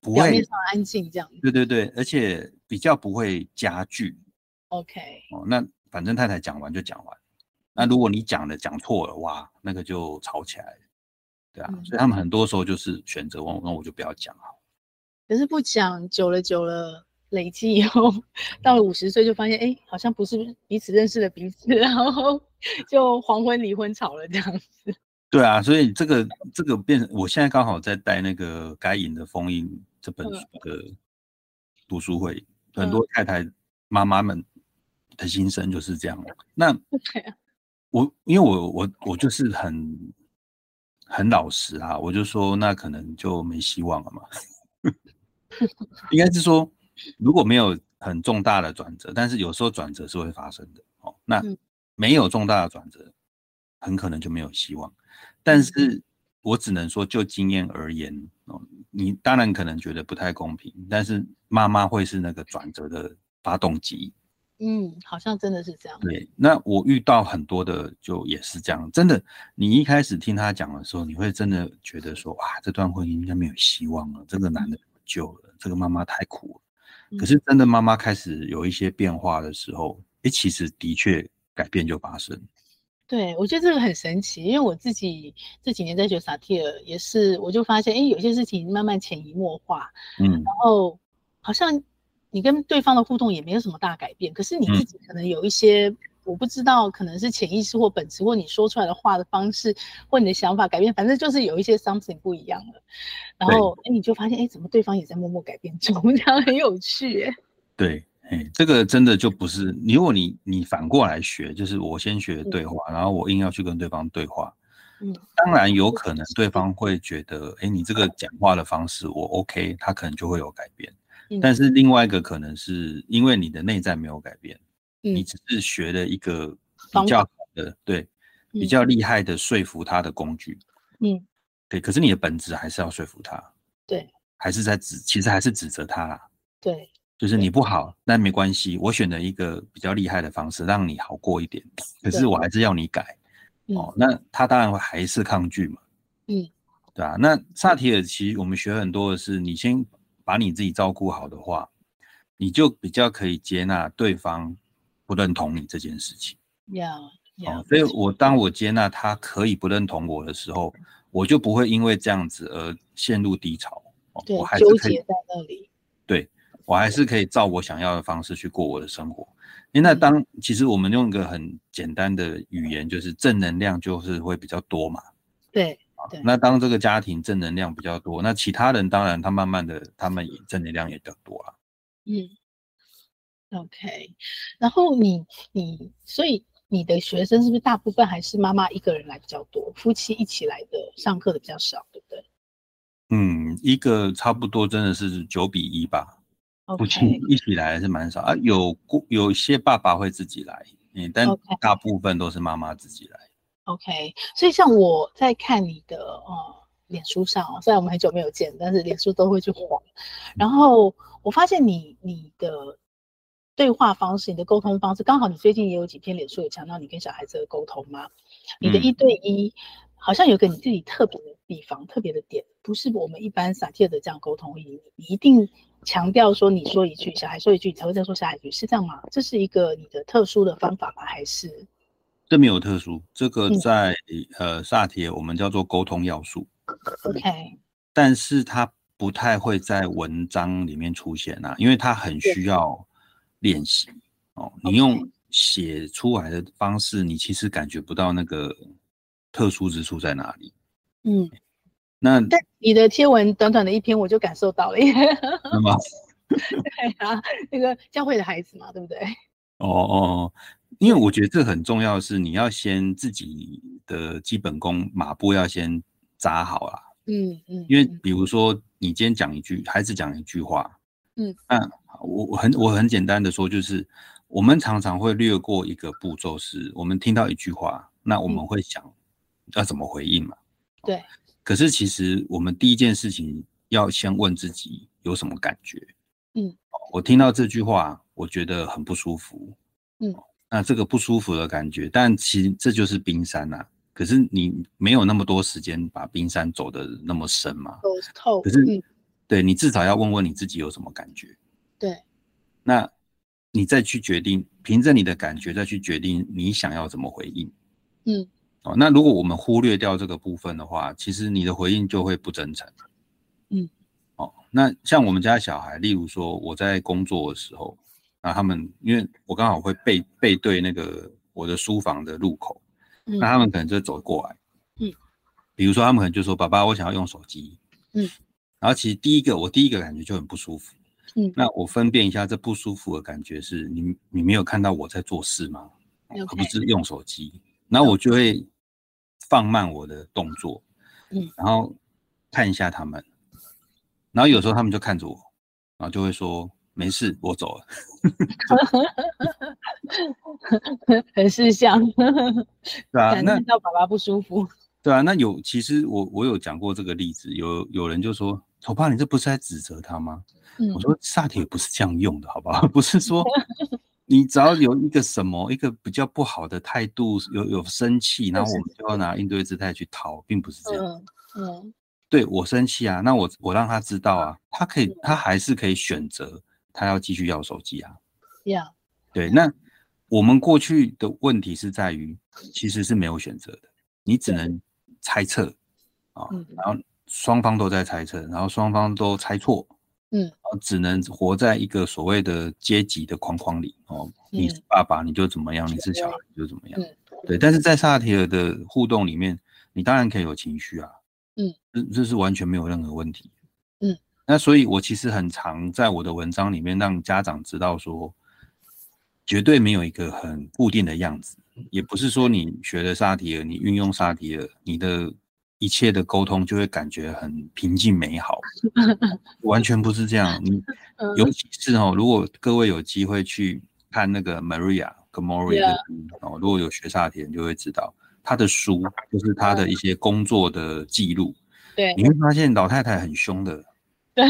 不會安靜這樣。對對對，而且比較不會加劇。OK，哦，那反正太太講完就講完。那如果你講了講錯了哇，那個就吵起來了，對啊。嗯、所以他們很多時候就是選擇我，那我就不要講好。可是不講久了，久了,久了累積以後，到了五十歲就發現，哎，好像不是彼此認識的彼此，然後就黃昏離婚潮了這樣子。對啊，所以這個這個變成，我現在剛好在帶那個《該隱的封印》這本書的讀書會，嗯、很多太太媽媽們的心聲就是這樣。那、嗯、我因為我我我就是很很老實啊，我就說那可能就沒希望了嘛。 應該是說，如果沒有很重大的轉折，但是有時候轉折是會發生的。哦，那沒有重大的轉折，很可能就沒有希望。但是我只能說，就經驗而言，哦，你當然可能覺得不太公平，但是媽媽會是那個轉折的發動機。嗯，好像真的是這樣。對，那我遇到很多的就也是這樣，真的。你一開始聽他講的時候，你會真的覺得說，哇，這段婚姻應該沒有希望了，這個男的。嗯久了，這個媽媽太苦了。可是真的，媽媽開始有一些變化的時候，嗯欸、其實的確改變就發生。對，我覺得這個很神奇，因為我自己這幾年在學薩提爾，也是我就發現，哎、欸，有些事情慢慢潛移默化，嗯，然後好像你跟對方的互動也沒有什麼大改變，可是你自己可能有一些、嗯。我不知道，可能是潛意識或本質，或你說出來的話的方式，或你的想法改變，反正就是有一些 something 不一樣了。然後誒你就發現哎，怎麼對方也在默默改變中，我們講很有趣、欸、對，哎，這個真的就不是如果你你反過來學，就是我先學對話、嗯，然後我硬要去跟對方對話，嗯，當然有可能對方會覺得哎、嗯，你這個講話的方式我 OK，他可能就會有改變、嗯。但是另外一個可能是因為你的內在沒有改變。嗯、你只是學了一個比較好的對、嗯、比較厲害的說服他的工具，嗯，對，可是你的本質還是要說服他，對、嗯，還是在指其實還是指責他啦、啊，對，就是你不好，那沒關係，我選擇一個比較厲害的方式讓你好過一點，可是我還是要你改，嗯、哦，那他當然會還是抗拒嘛，嗯，對啊，那薩提爾其實我們學很多的是，你先把你自己照顧好的話，你就比較可以接納對方。不認同你這件事情，要、yeah, yeah, 啊、所以，我當我接納他可以不認同我的時候，我就不會因為這樣子而陷入低潮。哦、我還是可以，我還糾結在那裡。對，我還是可以照我想要的方式去過我的生活。因為那當其實我們用一個很簡單的語言，就是正能量就是會比較多嘛。對，對啊、那當這個家庭正能量比較多，那其他人當然他慢慢的，他們也正能量也比較多了、啊、嗯。Yeah. OK，然後你你所以你的學生是不是大部分還是媽媽一個人來比較多，夫妻一起來的上課的比較少，對不對？嗯，一個差不多真的是九比一吧。Okay. 夫妻一起來還是蠻少啊，有過有，有些爸爸會自己來，嗯，但大部分都是媽媽自己來。OK, okay. 所以像我在看你的呃、嗯、臉書上，雖然我們很久沒有見，但是臉書都會去晃，然後我發現你你的。對話方式，你的溝通方式，剛好你最近也有幾篇臉書，有強調你跟小孩子的溝通嗎？你的一對一，嗯、好像有個你自己特別的地方，嗯、特別的點，不是我們一般薩提爾的這樣溝通，你一定強調說，你說一句，小孩說一句，你才會再說下一句，是這樣嗎？這是一個你的特殊的方法嗎？還是？這沒有特殊，這個在、嗯、呃薩提爾，我們叫做溝通要素。OK，、嗯、但是他不太會在文章裡面出現啊，因為他很需要、yeah.。練習哦，你用寫出來的方式，Okay. 你其實感覺不到那個特殊之處在哪裡？嗯，那但你的貼文短短的一篇，我就感受到了。 那麼嗎， 對啊，那個教會的孩子嘛，對不對？哦哦，因為我覺得這很重要的是，你要先自己的基本功馬步要先扎好啊。嗯嗯，因為比如說你今天講一句，孩、嗯、子講一句話，嗯嗯。啊我很我很簡單的說，就是我們常常會略過一個步驟，是我們聽到一句話，那我們會想要怎麼回應嘛？對、哦。可是其實我們第一件事情要先問自己有什麼感覺？嗯。哦、我聽到這句話，我覺得很不舒服。嗯、哦。那這個不舒服的感覺，但其實這就是冰山吶、啊。可是你沒有那麼多時間把冰山走得那麼深嘛？走透。可是，對你至少要問問你自己有什麼感覺。那，你再去決定，憑着你的感覺再去決定你想要怎麼回應，嗯，哦，那如果我們忽略掉這個部分的話，其實你的回應就會不真誠，嗯，哦，那像我們家小孩，例如說我在工作的時候，那、啊、他們因為我剛好會背背對那個我的書房的入口、嗯，那他們可能就走過來，嗯，比如說他們可能就說、嗯、爸爸，我想要用手機，嗯，然後其實第一個我第一個感覺就很不舒服。嗯、那我分辨一下這不舒服的感覺是你，你你沒有看到我在做事嗎？我、okay, 不是用手機。那、嗯、我就會放慢我的動作、嗯，然後看一下他們，然後有時候他們就看着我，然後就會說沒事，我走了。 就 很識相，對啊，那到爸爸不舒服，對啊，那，啊那有其實我我有講過這個例子，有有人就說。醜爸，你這不是在指責他嗎？嗯、我說薩提不是這樣用的，好不好？不是說你只要有一個什麼， 一個比較不好的態度，有有生氣、嗯，然後我們就要拿應對姿態去逃、嗯，並不是這樣。嗯，對我生氣啊，那我我讓他知道啊，他可以，嗯、他還是可以選擇，他要繼續要手機啊，要、嗯。對，那我們過去的問題是在於，其實是沒有選擇的，你只能猜測、嗯、啊，然後。雙方都在猜測，然後雙方都猜錯，嗯，然後只能活在一個所謂的階級的框框裡哦、嗯。你是爸爸，你就怎麼樣；你是小孩，你就怎麼樣。嗯、對。但是在薩提爾的互動裡面，你當然可以有情緒啊，嗯，這這是完全沒有任何問題，嗯。那所以，我其實很常在我的文章裡面讓家長知道說，絕對沒有一個很固定的樣子，也不是說你學了薩提爾，你運用薩提爾，你的。一切的溝通就會感覺很平靜美好， 完全不是這樣。嗯、尤其是哦，如果各位有機會去看那個 Maria Gomori 的書哦，如果有學薩提的人就會知道，他的書就是他的一些工作的記錄。對、yeah.，你會發現老太太很凶的。對，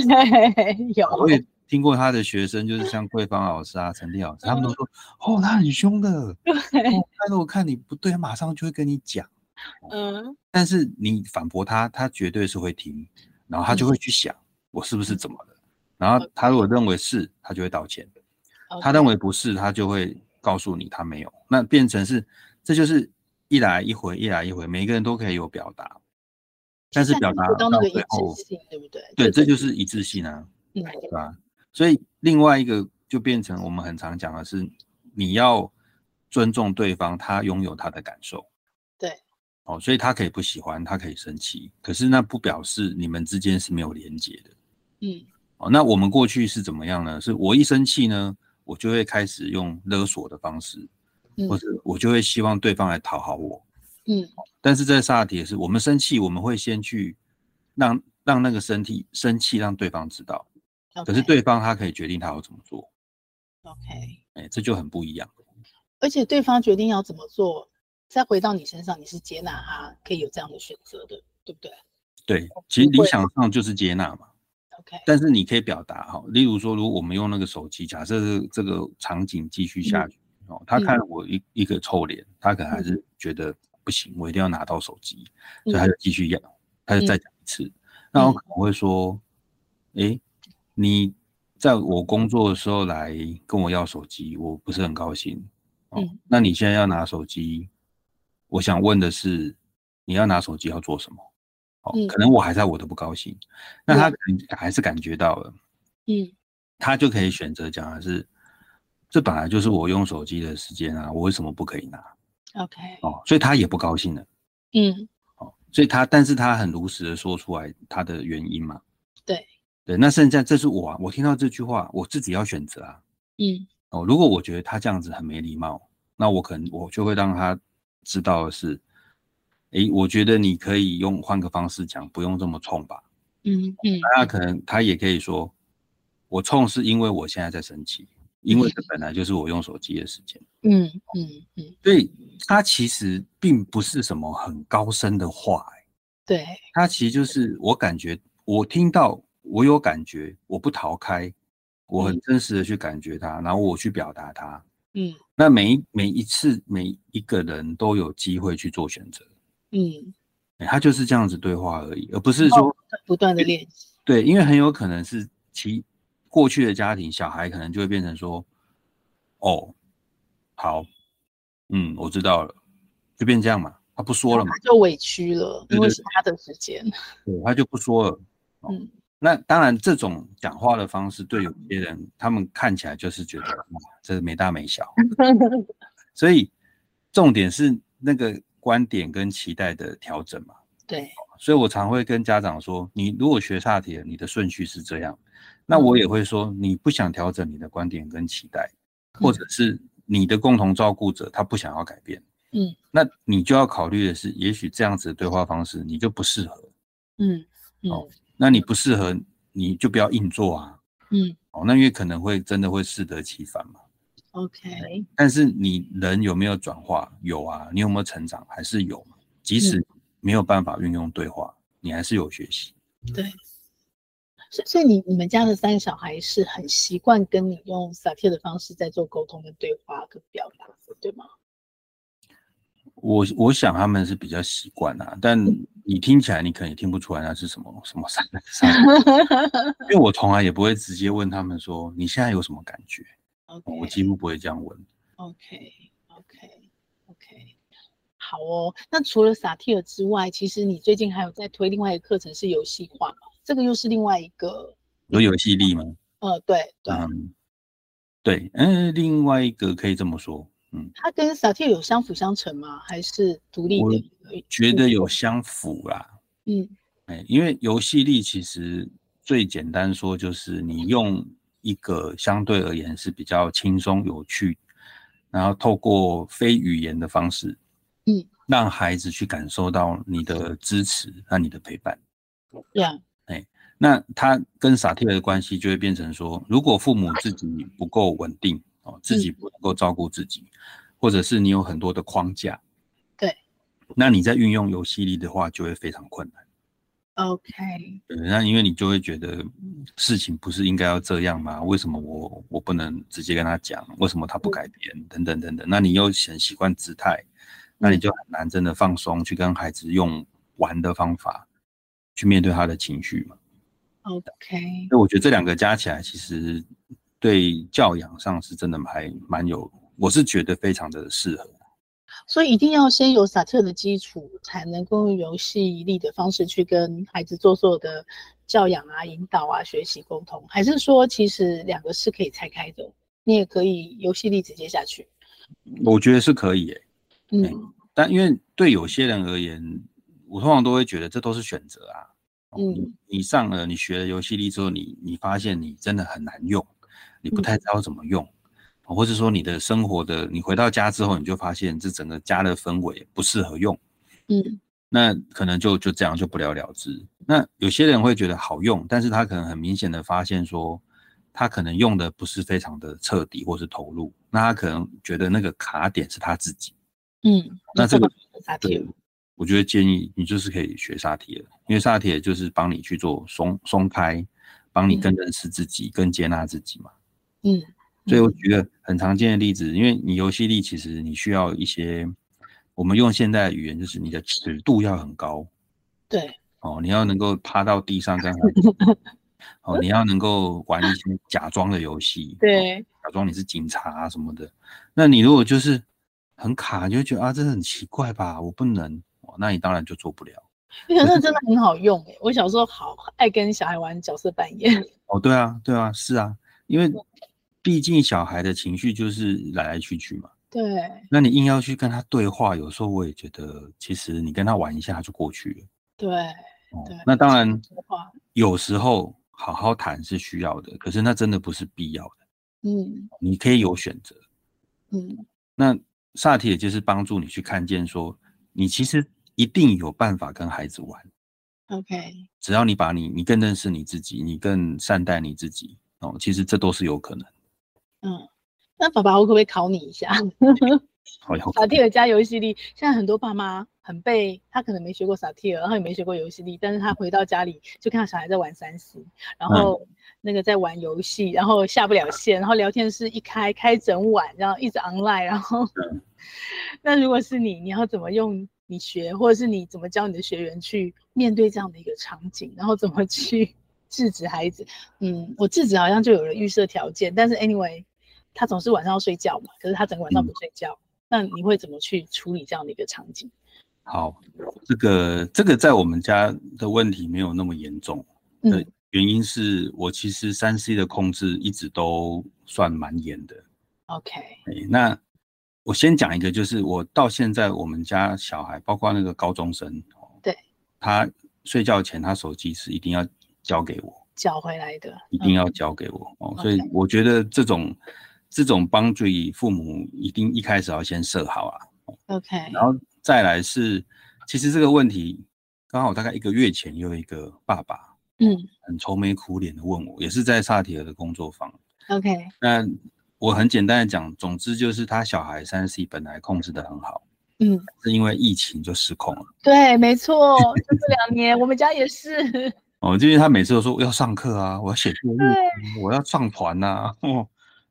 有。我也聽過他的學生，就是像桂芳老師啊、陳 立老師，他們都說 哦，他很凶的。對，她、哦、說我看你不對，馬上就會跟你講。嗯，但是你反駁他，他絕對是會聽，然後他就會去想我是不是怎麼了，嗯嗯、然後他如果認為是，他就會道歉；Okay. 他認為不是，他就會告訴你他沒有。Okay. 那變成是，這就是一來一回，一來一回，每個人都可以有表達，但是表達到最後那一致性對對，對不對？對，這就是一致性啊，對、嗯、吧？所以另外一個就變成我們很常講的是，你要尊重對方，他擁有他的感受。哦，所以他可以不喜歡，他可以生氣，可是那不表示你們之間是沒有連接的，嗯，哦，那我們過去是怎麼樣呢？是我一生氣呢，我就會開始用勒索的方式，嗯、或者我就會希望對方來討好我，嗯，但是在薩提爾、嗯、也是，我們生氣我們會先去讓讓那個身體生氣，生氣讓對方知道，okay. 可是對方他可以決定他要怎麼做，OK，哎，這就很不一樣，而且對方決定要怎麼做。再回到你身上，你是接納他、啊、可以有這樣的選擇的，對不對？對，其實理想上就是接納嘛。OK，但是你可以表達好，例如說，如果我們用那個手機，假設是這個場景繼續下去哦、嗯，他看了我一一個臭臉、嗯，他可能還是覺得不行，我一定要拿到手機，嗯、所以他就繼續要，他就再講一次。嗯、那我可能會說，哎、嗯，你在我工作的時候來跟我要手機，我不是很高興、嗯、哦。那你現在要拿手機？我想問的是，你要拿手機要做什麼？哦，嗯、可能我還在我的不高興。那、嗯、他、嗯、還是感覺到了，嗯，他就可以選擇講的是，這本來就是我用手機的時間啊，我為什麼不可以拿？OK，哦，所以他也不高興了，嗯，哦，所以他，但是他很如實的說出來他的原因嘛，對、嗯，對，那現在這是我、啊，我聽到這句話，我自己要選擇啊，嗯，哦，如果我覺得他這樣子很沒禮貌，那我可能我就會讓他。知道的是，誒，我覺得你可以用換個方式講，不用這麼衝吧。嗯嗯，那可能他也可以說、嗯，我衝是因為我現在在生氣、嗯，因為這本來就是我用手機的時間。嗯嗯嗯，所、嗯、以他其實並不是什麼很高深的話，對，他其實就是我感覺，我聽到，我有感覺，我不逃開，我很真實的去感覺它，嗯、然後我去表達它。嗯，那每一每一次每一個人都有機會去做選擇，嗯、欸，他就是這樣子對話而已，而不是說、哦、不斷的練習、欸。對，因為很有可能是其過去的家庭小孩可能就會變成說，哦，好，嗯，我知道了，就變這樣嘛，他不說了嘛，他就委屈了，對對對，因為是他的時間，對，他就不說了，哦、嗯。那當然，這種講話的方式對有些人，他們看起來就是覺得這是沒大沒小。 所以重點是那個觀點跟期待的調整嘛。對。所以我常會跟家長說，你如果學薩提爾，你的順序是這樣，那我也會說，你不想調整你的觀點跟期待，或者是你的共同照顧者他不想要改變，嗯，那你就要考慮的是，也許這樣子的對話方式你就不適合。嗯，好。那你不適合，你就不要硬做啊。嗯，哦，那因為可能會真的會適得其反嘛。OK。但是你人有沒有轉化？有啊，你有沒有成長？還是有。即使沒有辦法運用對話、嗯，你還是有學習。對。所以，所以你你們家的三個小孩是很習慣跟你用薩提爾的方式在做溝通跟對話跟表達，對嗎？我我想他們是比較習慣啊，但、嗯。你聽起來，你可能也聽不出來那是什麼什麼三因為我從來也不會直接問他們說你現在有什麼感覺，okay. 我幾乎不會這樣問。OK OK OK，好哦。那除了薩提爾之外，其實你最近還有在推另外一個課程是遊戲化嗎？這個又是另外一個有遊戲力嗎？呃、嗯，對對嗯對嗯、欸，另外一個可以這麼說。嗯，他跟薩提爾有相輔相成嗎？還是獨立的？我覺得有相輔啦。嗯，哎，因為遊戲力其實最簡單說就是你用一個相對而言是比較輕鬆有趣，然後透過非語言的方式，嗯，讓孩子去感受到你的支持和你的陪伴。對、嗯。哎、嗯，那他跟薩提爾的關係就會變成說，如果父母自己不夠穩定。哦，自己不能夠照顧自己、嗯，或者是你有很多的框架，對，那你在運用遊戲力的話，就會非常困難。OK，對，那因為你就會覺得事情不是應該要這樣嗎？為什麼我我不能直接跟他講？為什麼他不改變、嗯？等等等等。那你又很習慣姿態、嗯，那你就很難真的放鬆，去跟孩子用玩的方法去面對他的情緒嘛。OK，那我覺得這兩個加起來其實。對教養上是真的還蠻，蠻有，我是覺得非常的適合，所以一定要先有薩提爾的基礎，才能夠用遊戲力的方式去跟孩子做所有的教養啊、引導啊、學習溝通，還是說其實兩個是可以拆開的，你也可以遊戲力直接下去？我覺得是可以耶。嗯，但因為對有些人而言，我通常都會覺得這都是選擇啊，嗯，你上了你學了遊戲力之後，你你發現你真的很難用。你不太知道怎麼用，嗯、或者說你的生活的，你回到家之後，你就發現這整個家的氛圍不適合用，嗯，那可能就就這樣就不了了之。那有些人會覺得好用，但是他可能很明顯的發現說，他可能用的不是非常的徹底或是投入，那他可能覺得那個卡點是他自己，嗯，那這個，嗯嗯、我覺得建議你就是可以學薩提爾，因為薩提爾就是幫你去做鬆鬆開，幫你更認識自己，嗯、更接納自己嘛。嗯，所以我舉個很常見的例子，嗯、因為你遊戲力其實你需要一些，我們用現代語言就是你的尺度要很高，對，哦，你要能夠趴到地上這樣， 哦，你要能夠玩一些假裝的遊戲，對，哦、假裝你是警察啊什麼的，那你如果就是很卡，你就覺得啊，這很奇怪吧，我不能，那你當然就做不了。可是真的很好用哎、欸， 我小時候好愛跟小孩玩角色扮演。欸、扮演 哦，對啊，對啊，是啊，因為。畢竟小孩的情緒就是來來去去嘛。對。那你硬要去跟他對話，有時候我也覺得，其實你跟他玩一下就過去了。對。嗯、對那當然，有時候好好談是需要的，可是那真的不是必要的。嗯。你可以有選擇。嗯。那薩提爾也就是幫助你去看見，說你其實一定有辦法跟孩子玩。OK。只要你把你，你更認識你自己，你更善待你自己哦、嗯，其實這都是有可能的。嗯，那爸爸，我可不可以考你一下？好呀，薩提爾加遊戲力。現在很多爸媽很被他可能沒學過薩提爾，然後也沒學過遊戲力，但是他回到家裡就看到小孩在玩三 C，然後那個在玩遊戲，然後下不了線，mm. 然後聊天室一開開整晚，然後一直 online。然後，mm. 那如果是你，你要怎麼用你學，或者是你怎麼教你的學員去面對這樣的一個場景，然後怎麼去制止孩子？嗯，我制止好像就有了預設條件，但是 anyway。他總是晚上要睡覺嘛，可是他整個晚上不睡覺，嗯、那你會怎麼去處理這樣的一個場景？好，這個這個在我們家的問題沒有那麼嚴重，嗯、呃，原因是我其實三 C 的控制一直都算蠻嚴的。OK，那我先講一個，就是我到現在我們家小孩，包括那個高中生，對，他睡覺前他手機是一定要交給我，交回來的，一定要交給我、Okay. 哦，所以我覺得這種。這種幫助父母一定一開始要先設好啊。OK，然後再來是，其實這個問題剛好大概一個月前又有一個爸爸，嗯，很愁眉苦臉的問我，嗯、也是在薩提爾的工作坊。OK，那我很簡單的講，總之就是他小孩三 C 本來控制的很好，嗯，是因為疫情就失控了。對，沒錯，這、就是、兩年 我們家也是。哦，因、就、為、是、他每次都說我要上課啊，我要寫作業、啊，我要上團吶、啊。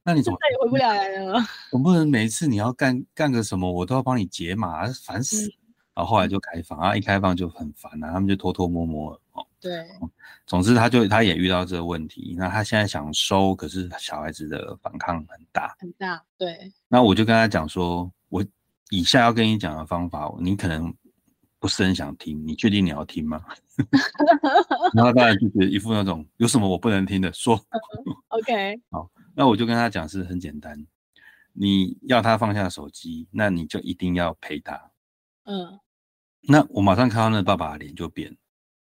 那你怎麼？再也回不了來了。總不能每一次你要幹幹個什麼，我都要幫你解碼，煩死。嗯、然後後來就開放啊，一開放就很煩啊，他們就偷偷摸摸了、哦。對。總之，他就他也遇到這個問題。那他現在想收，可是小孩子的反抗很大。很大，對。那我就跟他講說，我以下要跟你講的方法，你可能不是很想聽。你確定你要聽嗎？然後大概就是一副那種有什麼我不能聽的說。 OK。好。那我就跟他講是很簡單，你要他放下手機，那你就一定要陪他。嗯，那我馬上看到那爸爸的臉就變。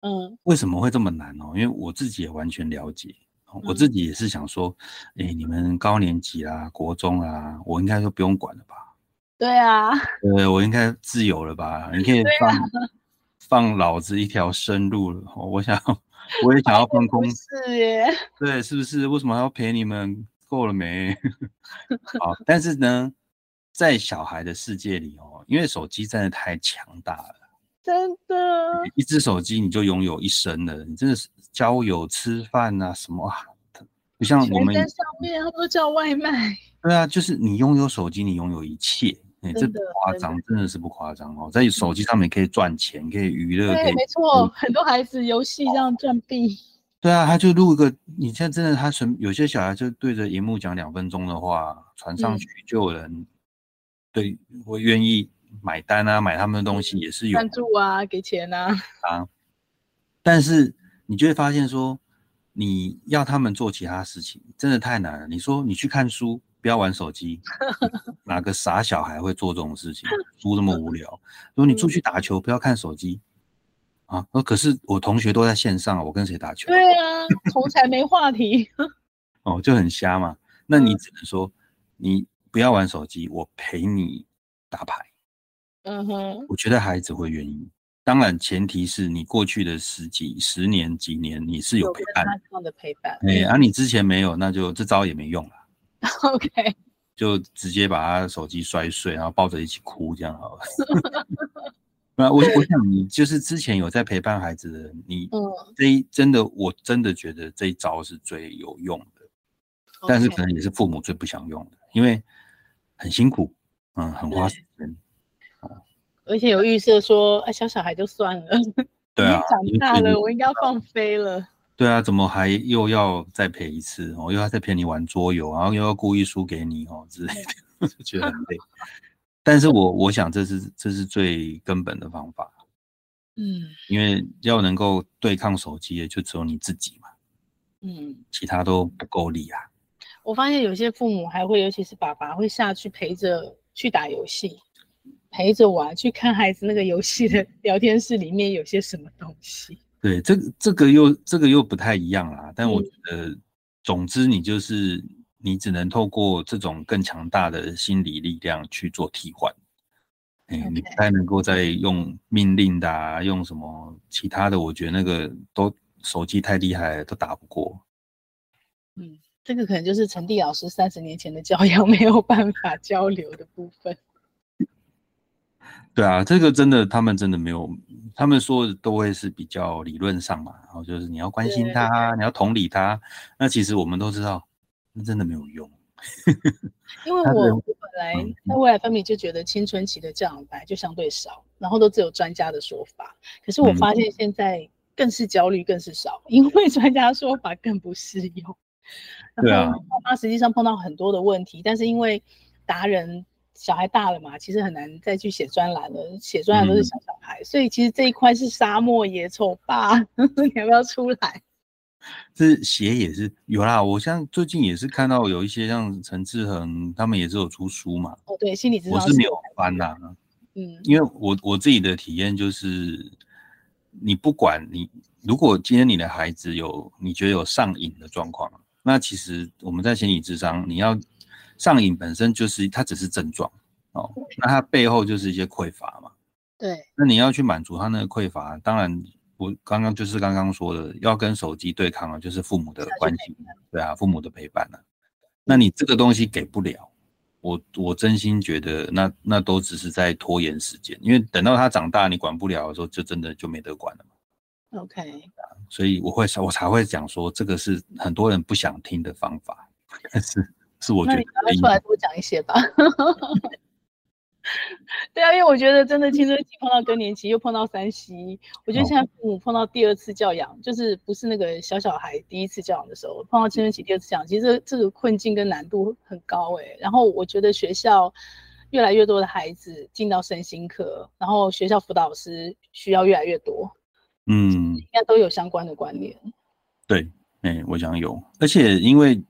嗯，為什麼會這麼難哦？因為我自己也完全了解，嗯、我自己也是想說，哎、欸，你們高年級啊、國中啊，我應該就不用管了吧？對啊，呃，我應該自由了吧？啊、你可以放、啊、放老子一條生路了。我想，我也想要分公司。對，是不是？為什麼還要陪你們？夠了沒？ 好，但是呢，在小孩的世界裡哦，因為手機真的太強大了，真的，一隻手機你就擁有一生了。你真的是交友、吃飯啊什麼啊，不像我們。在上面，他都叫外賣。對啊，就是你擁有手機，你擁有一切。哎，這不誇張，對對對，真的是不誇張哦。在手機上面可以賺錢，可以娛樂，可以沒錯，很多孩子遊戲這樣賺幣。哦對啊，他就錄一個，你現在真的，他什有些小孩就對着熒幕講兩分鐘的話，傳上去就有人對，會願意買單啊，買他們的東西也是有。贊助啊，給錢啊。啊，但是你就會發現說，你要他們做其他事情，真的太難了。你說你去看書，不要玩手機，哪個傻小孩會做這種事情？書這麼無聊。如果你出去打球，不要看手機。啊，可是我同學都在線上，我跟誰打球？對啊，從前沒話題。 哦，就很瞎嘛。那你只能說，嗯、你不要玩手機，我陪你打牌。嗯哼，我覺得孩子會願意。當然前提是你過去的十幾、十年、幾年你是有陪伴的，的陪伴。哎，啊，你之前沒有，那就這招也沒用了。OK， 就直接把他手機摔碎，然後抱着一起哭，這樣好了。 那我我想你就是之前有在陪伴孩子的你，嗯，這一真的、嗯、我真的覺得這一招是最有用的、嗯，但是可能也是父母最不想用的，Okay，因為很辛苦，嗯，很花時間，啊、嗯，而且有預設說，哎、啊，小小孩就算了，對啊，你長大了、嗯、我應該要放飛了、嗯，對啊，怎麼還又要再陪一次哦？又要再陪你玩桌遊，然後又要故意輸給你哦之類的，就覺得很累。 但是我我想，這是這是最根本的方法，嗯，因為要能夠對抗手機的，就只有你自己嘛，嗯，其他都不夠力啊。我發現有些父母還會，尤其是爸爸會下去陪着去打遊戲，陪着玩，啊，去看孩子那個遊戲的聊天室裡面有些什麼東西。對，這個這個又這個又不太一樣啦，啊。但我覺得，嗯，總之你就是。你只能透過這種更強大的心理力量去做替換，哎、嗯，Okay. 你不太能夠再用命令的，啊，用什麼其他的？我覺得那個都手機太厲害，都打不過。嗯，這個可能就是陳帝老師三十年前的教養沒有辦法交流的部分。對啊，這個真的，他們真的沒有，他們說的都會是比較理論上嘛，然後就是你要關心他。對對對，你要同理他。那其實我們都知道。那真的沒有用， 因為我本來在未來分 a 就覺得青春期的這樣本來就相對少，然後都只有專家的說法。可是我發現現在更是焦慮，更是少，嗯、因為專家說法更不適用、嗯。對啊，他實際上碰到很多的問題，但是因為達人小孩大了嘛，其實很難再去寫專欄了。寫專欄都是小小孩、嗯，所以其實這一塊是沙漠野醜吧， 你要不要出來？這鞋也是有啦，我像最近也是看到有一些像陳志恆他們也是有出書嘛。哦，對，心理諮商我是沒有翻的啊。嗯，因為我我自己的體驗就是，你不管你如果今天你的孩子有你覺得有上癮的狀況，那其實我們在心理諮商，你要上癮本身就是它只是症狀哦，那它背後就是一些匱乏嘛。對。那你要去滿足他那個匱乏，當然。我剛剛就是剛剛說的，要跟手機對抗啊，就是父母的關係，對啊，父母的陪伴啊。那你這個東西給不了，我我真心覺得那，那那都只是在拖延時間，因為等到他長大你管不了的時候，就真的就沒得管了嘛。OK，所以我會我才會講說，這個是很多人不想聽的方法，但是是我覺得你出來多講一些吧。 對啊，因為我覺得真的青春期碰到更年期， 又碰到三 C， 我覺得現在父母碰到第二次教養，就是不是那個小小孩第一次教養的時候，碰到青春期第二次教養，其實這個困境跟難度很高哎、欸。然後我覺得學校越來越多的孩子進到身心科，然後學校輔導師需要越來越多，嗯，應該都有相關的觀念。對，哎、欸，我想有，而且因為。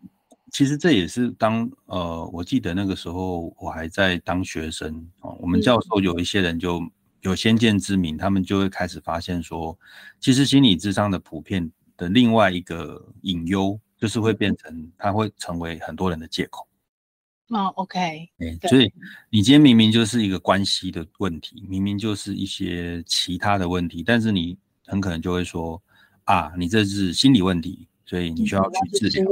其實這也是當呃，我記得那個時候我還在當學生啊、哦，我們教授有一些人就有先見之明，嗯、他們就會開始發現說，其實心理諮商的普遍的另外一個隱憂，就是會變成它會成為很多人的借口。哦，OK，、欸、所以你今天明明就是一個關係的問題，明明就是一些其他的問題，但是你很可能就會說啊，你這是心理問題，所以你需要去治療。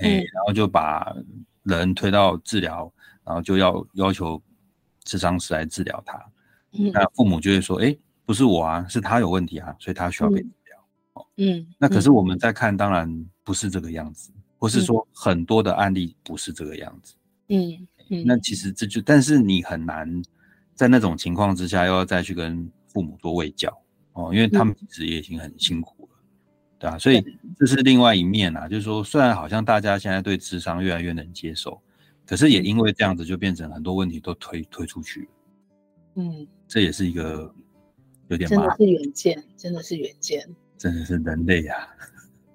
哎、欸，然後就把人推到治療，然後就要要求諮商師來治療他。那父母就會說：“哎、欸，不是我啊，是他有問題啊，所以他需要被治療。”嗯，嗯、哦，那可是我們在看、嗯，當然不是這個樣子，或是說很多的案例不是這個樣子。嗯嗯、欸，那其實這就，但是你很難在那種情況之下又要再去跟父母做衛教哦，因為他們其實也已經很辛苦。對啊，所以這是另外一面啊，就是說，雖然好像大家現在對諮商越來越能接受，可是也因為這樣子，就變成很多問題都推推出去。嗯，這也是一個有點麻煩，真的是遠見，啊嗯，真的是遠見，真的是人類呀、啊！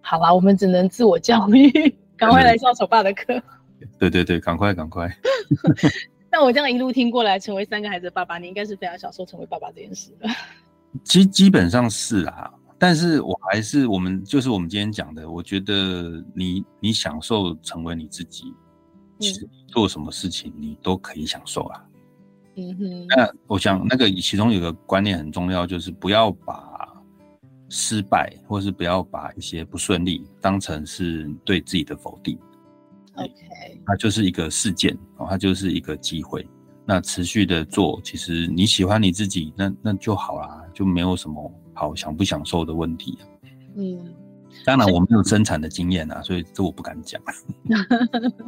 好吧，我們只能自我教育，趕快來上醜爸的課。對對對，趕快趕快。那 我這樣一路聽過來，成為三個孩子的爸爸，你應該是非常享受成為爸爸這件事的。其實基本上是啊。但是我還是我們就是我們今天講的，我覺得你你享受成為你自己，其實你做什麼事情你都可以享受啊。嗯哼。那我想那個其中有個觀念很重要，就是不要把失敗，或是不要把一些不順利當成是對自己的否定。OK。它就是一個事件，哦，它就是一個機會。那持續的做，其實你喜歡你自己，那那就好啦，就沒有什麼。好享不享受的問題、啊，嗯，當然我們有生產的經驗啊所，所以這我不敢講、啊。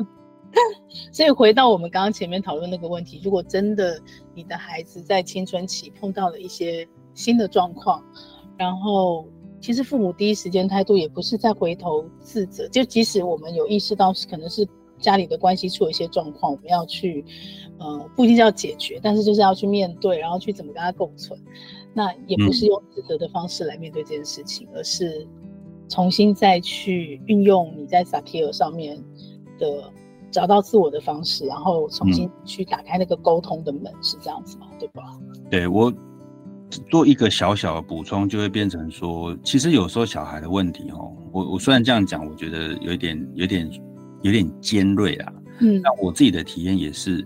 所以回到我們剛剛前面討論那個問題，如果真的你的孩子在青春期碰到了一些新的狀況，然後其實父母第一時間態度也不是在回頭自責，就即使我們有意識到可能是。家裡的關係出一些狀況，我們要去，呃，不一定要解決，但是就是要去面對，然後去怎麼跟他共存。那也不是用指責的方式來面對這件事情，嗯、而是重新再去運用你在薩提爾上面的找到自我的方式，然後重新去打開那個溝通的門，嗯，是這樣子嗎？對吧？對，我做一個小小的補充，就會變成說，其實有時候小孩的問題，哦，我我雖然這樣講，我覺得有一點，有點。有點尖銳啊，嗯，那我自己的體驗也是，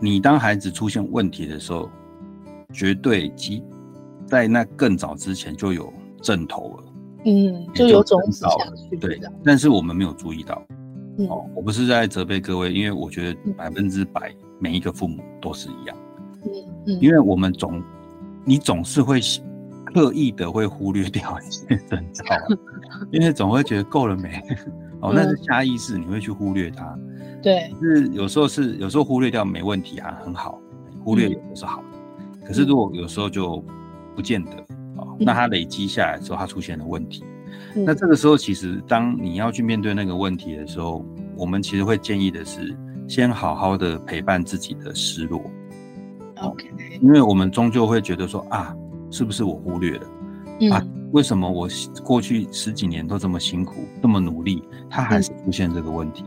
你當孩子出現問題的時候，絕對即在那更早之前就有症頭了，嗯，就有種子了，對，但是我們沒有注意到，嗯，哦，我不是在責備各位，因為我覺得百分之百每一個父母都是一樣，嗯嗯，因為我們總，你總是會刻意的會忽略掉一些徵兆，因為總會覺得夠了沒。嗯 哦，那是下意識，你會去忽略它，對、嗯，是有時候是有時候忽略掉沒問題啊，很好，忽略也不是好、嗯、可是如果有時候就不見得、嗯、哦，那它累積下來之後，它出現了問題、嗯，那這個時候其實當你要去面對那個問題的時候，嗯、我們其實會建議的是先好好的陪伴自己的失落，OK、嗯嗯、因為我們終究會覺得說啊，是不是我忽略了，嗯、啊。為什麼我過去十幾年都這麼辛苦，這麼努力，他還是出現這個問題？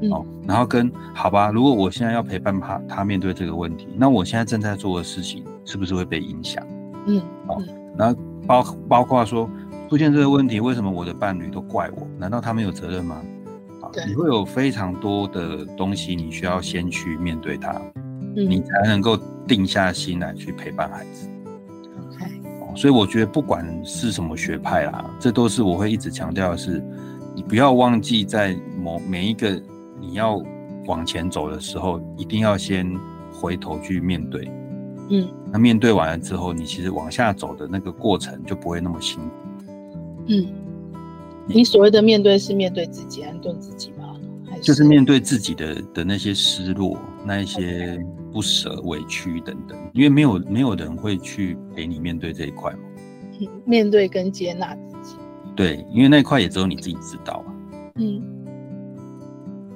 嗯、哦、嗯，然後跟好吧，如果我現在要陪伴他，他面對這個問題，那我現在正在做的事情是不是會被影響？嗯，好，那、哦、包包括說出現這個問題，為什麼我的伴侶都怪我？難道他沒有責任嗎？啊，你會有非常多的東西你需要先去面對他，嗯，你才能夠定下心來去陪伴孩子。所以我覺得不管是什麼學派啦，這都是我會一直強調的是，你不要忘記在某每一個你要往前走的時候，一定要先回頭去面對。嗯，那面對完了之後，你其實往下走的那個過程就不會那麼辛苦。嗯，你所謂的面對是面對自己、啊，安頓自己嗎？還是？就是面對自己的的那些失落，那一些、okay.。不捨、委屈等等，因為沒有沒有人會去陪你面對這一塊，嗯、面對跟接納自己。對，因為那塊也只有你自己知道啊。嗯。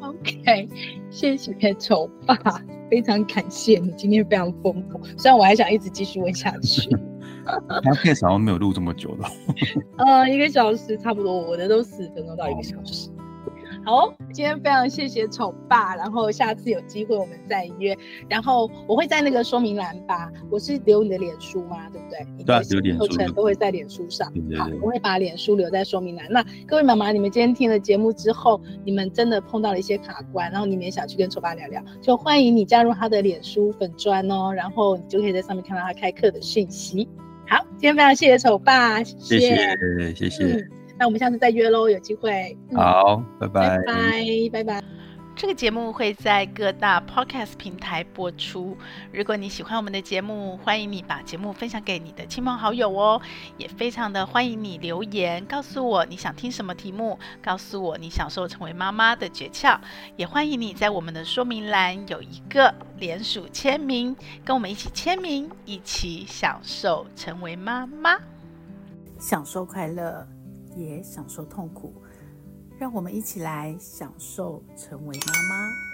OK，謝謝醜爸，非常感謝你今天非常豐富。雖然我還想一直繼續問下去。 他 case 好像沒有錄這麼久了。呃， uh, 一個小時差不多我，我的都十分鐘到一個小時。Oh. 好，今天非常謝謝醜爸，然後下次有機會我們再約，然後我會在那個說明欄吧，我是留你的臉書嗎？對不對？對啊，有臉書。課程都會在臉書上對對對，好，我會把臉書留在說明欄。那各位媽媽，你們今天聽了節目之後，你們真的碰到了一些卡關，然後你們也想去跟醜爸聊聊，就歡迎你加入他的臉書粉專哦，然後你就可以在上面看到他開課的訊息。好，今天非常謝謝醜爸，謝謝，謝謝。謝謝嗯那我們下次再約嘍，有機會。嗯、好，拜拜拜拜拜拜。這個節目會在各大 podcast 平台播出。如果你喜歡我們的節目，歡迎你把節目分享給你的親朋好友哦。也非常的歡迎你留言告訴我你想聽什麼題目，告訴我你享受成為媽媽的訣竅。也歡迎你在我們的說明欄有一個聯署簽名，跟我們一起簽名，一起享受成為媽媽，享受快樂。也享受痛苦，讓我們一起來享受成為媽媽。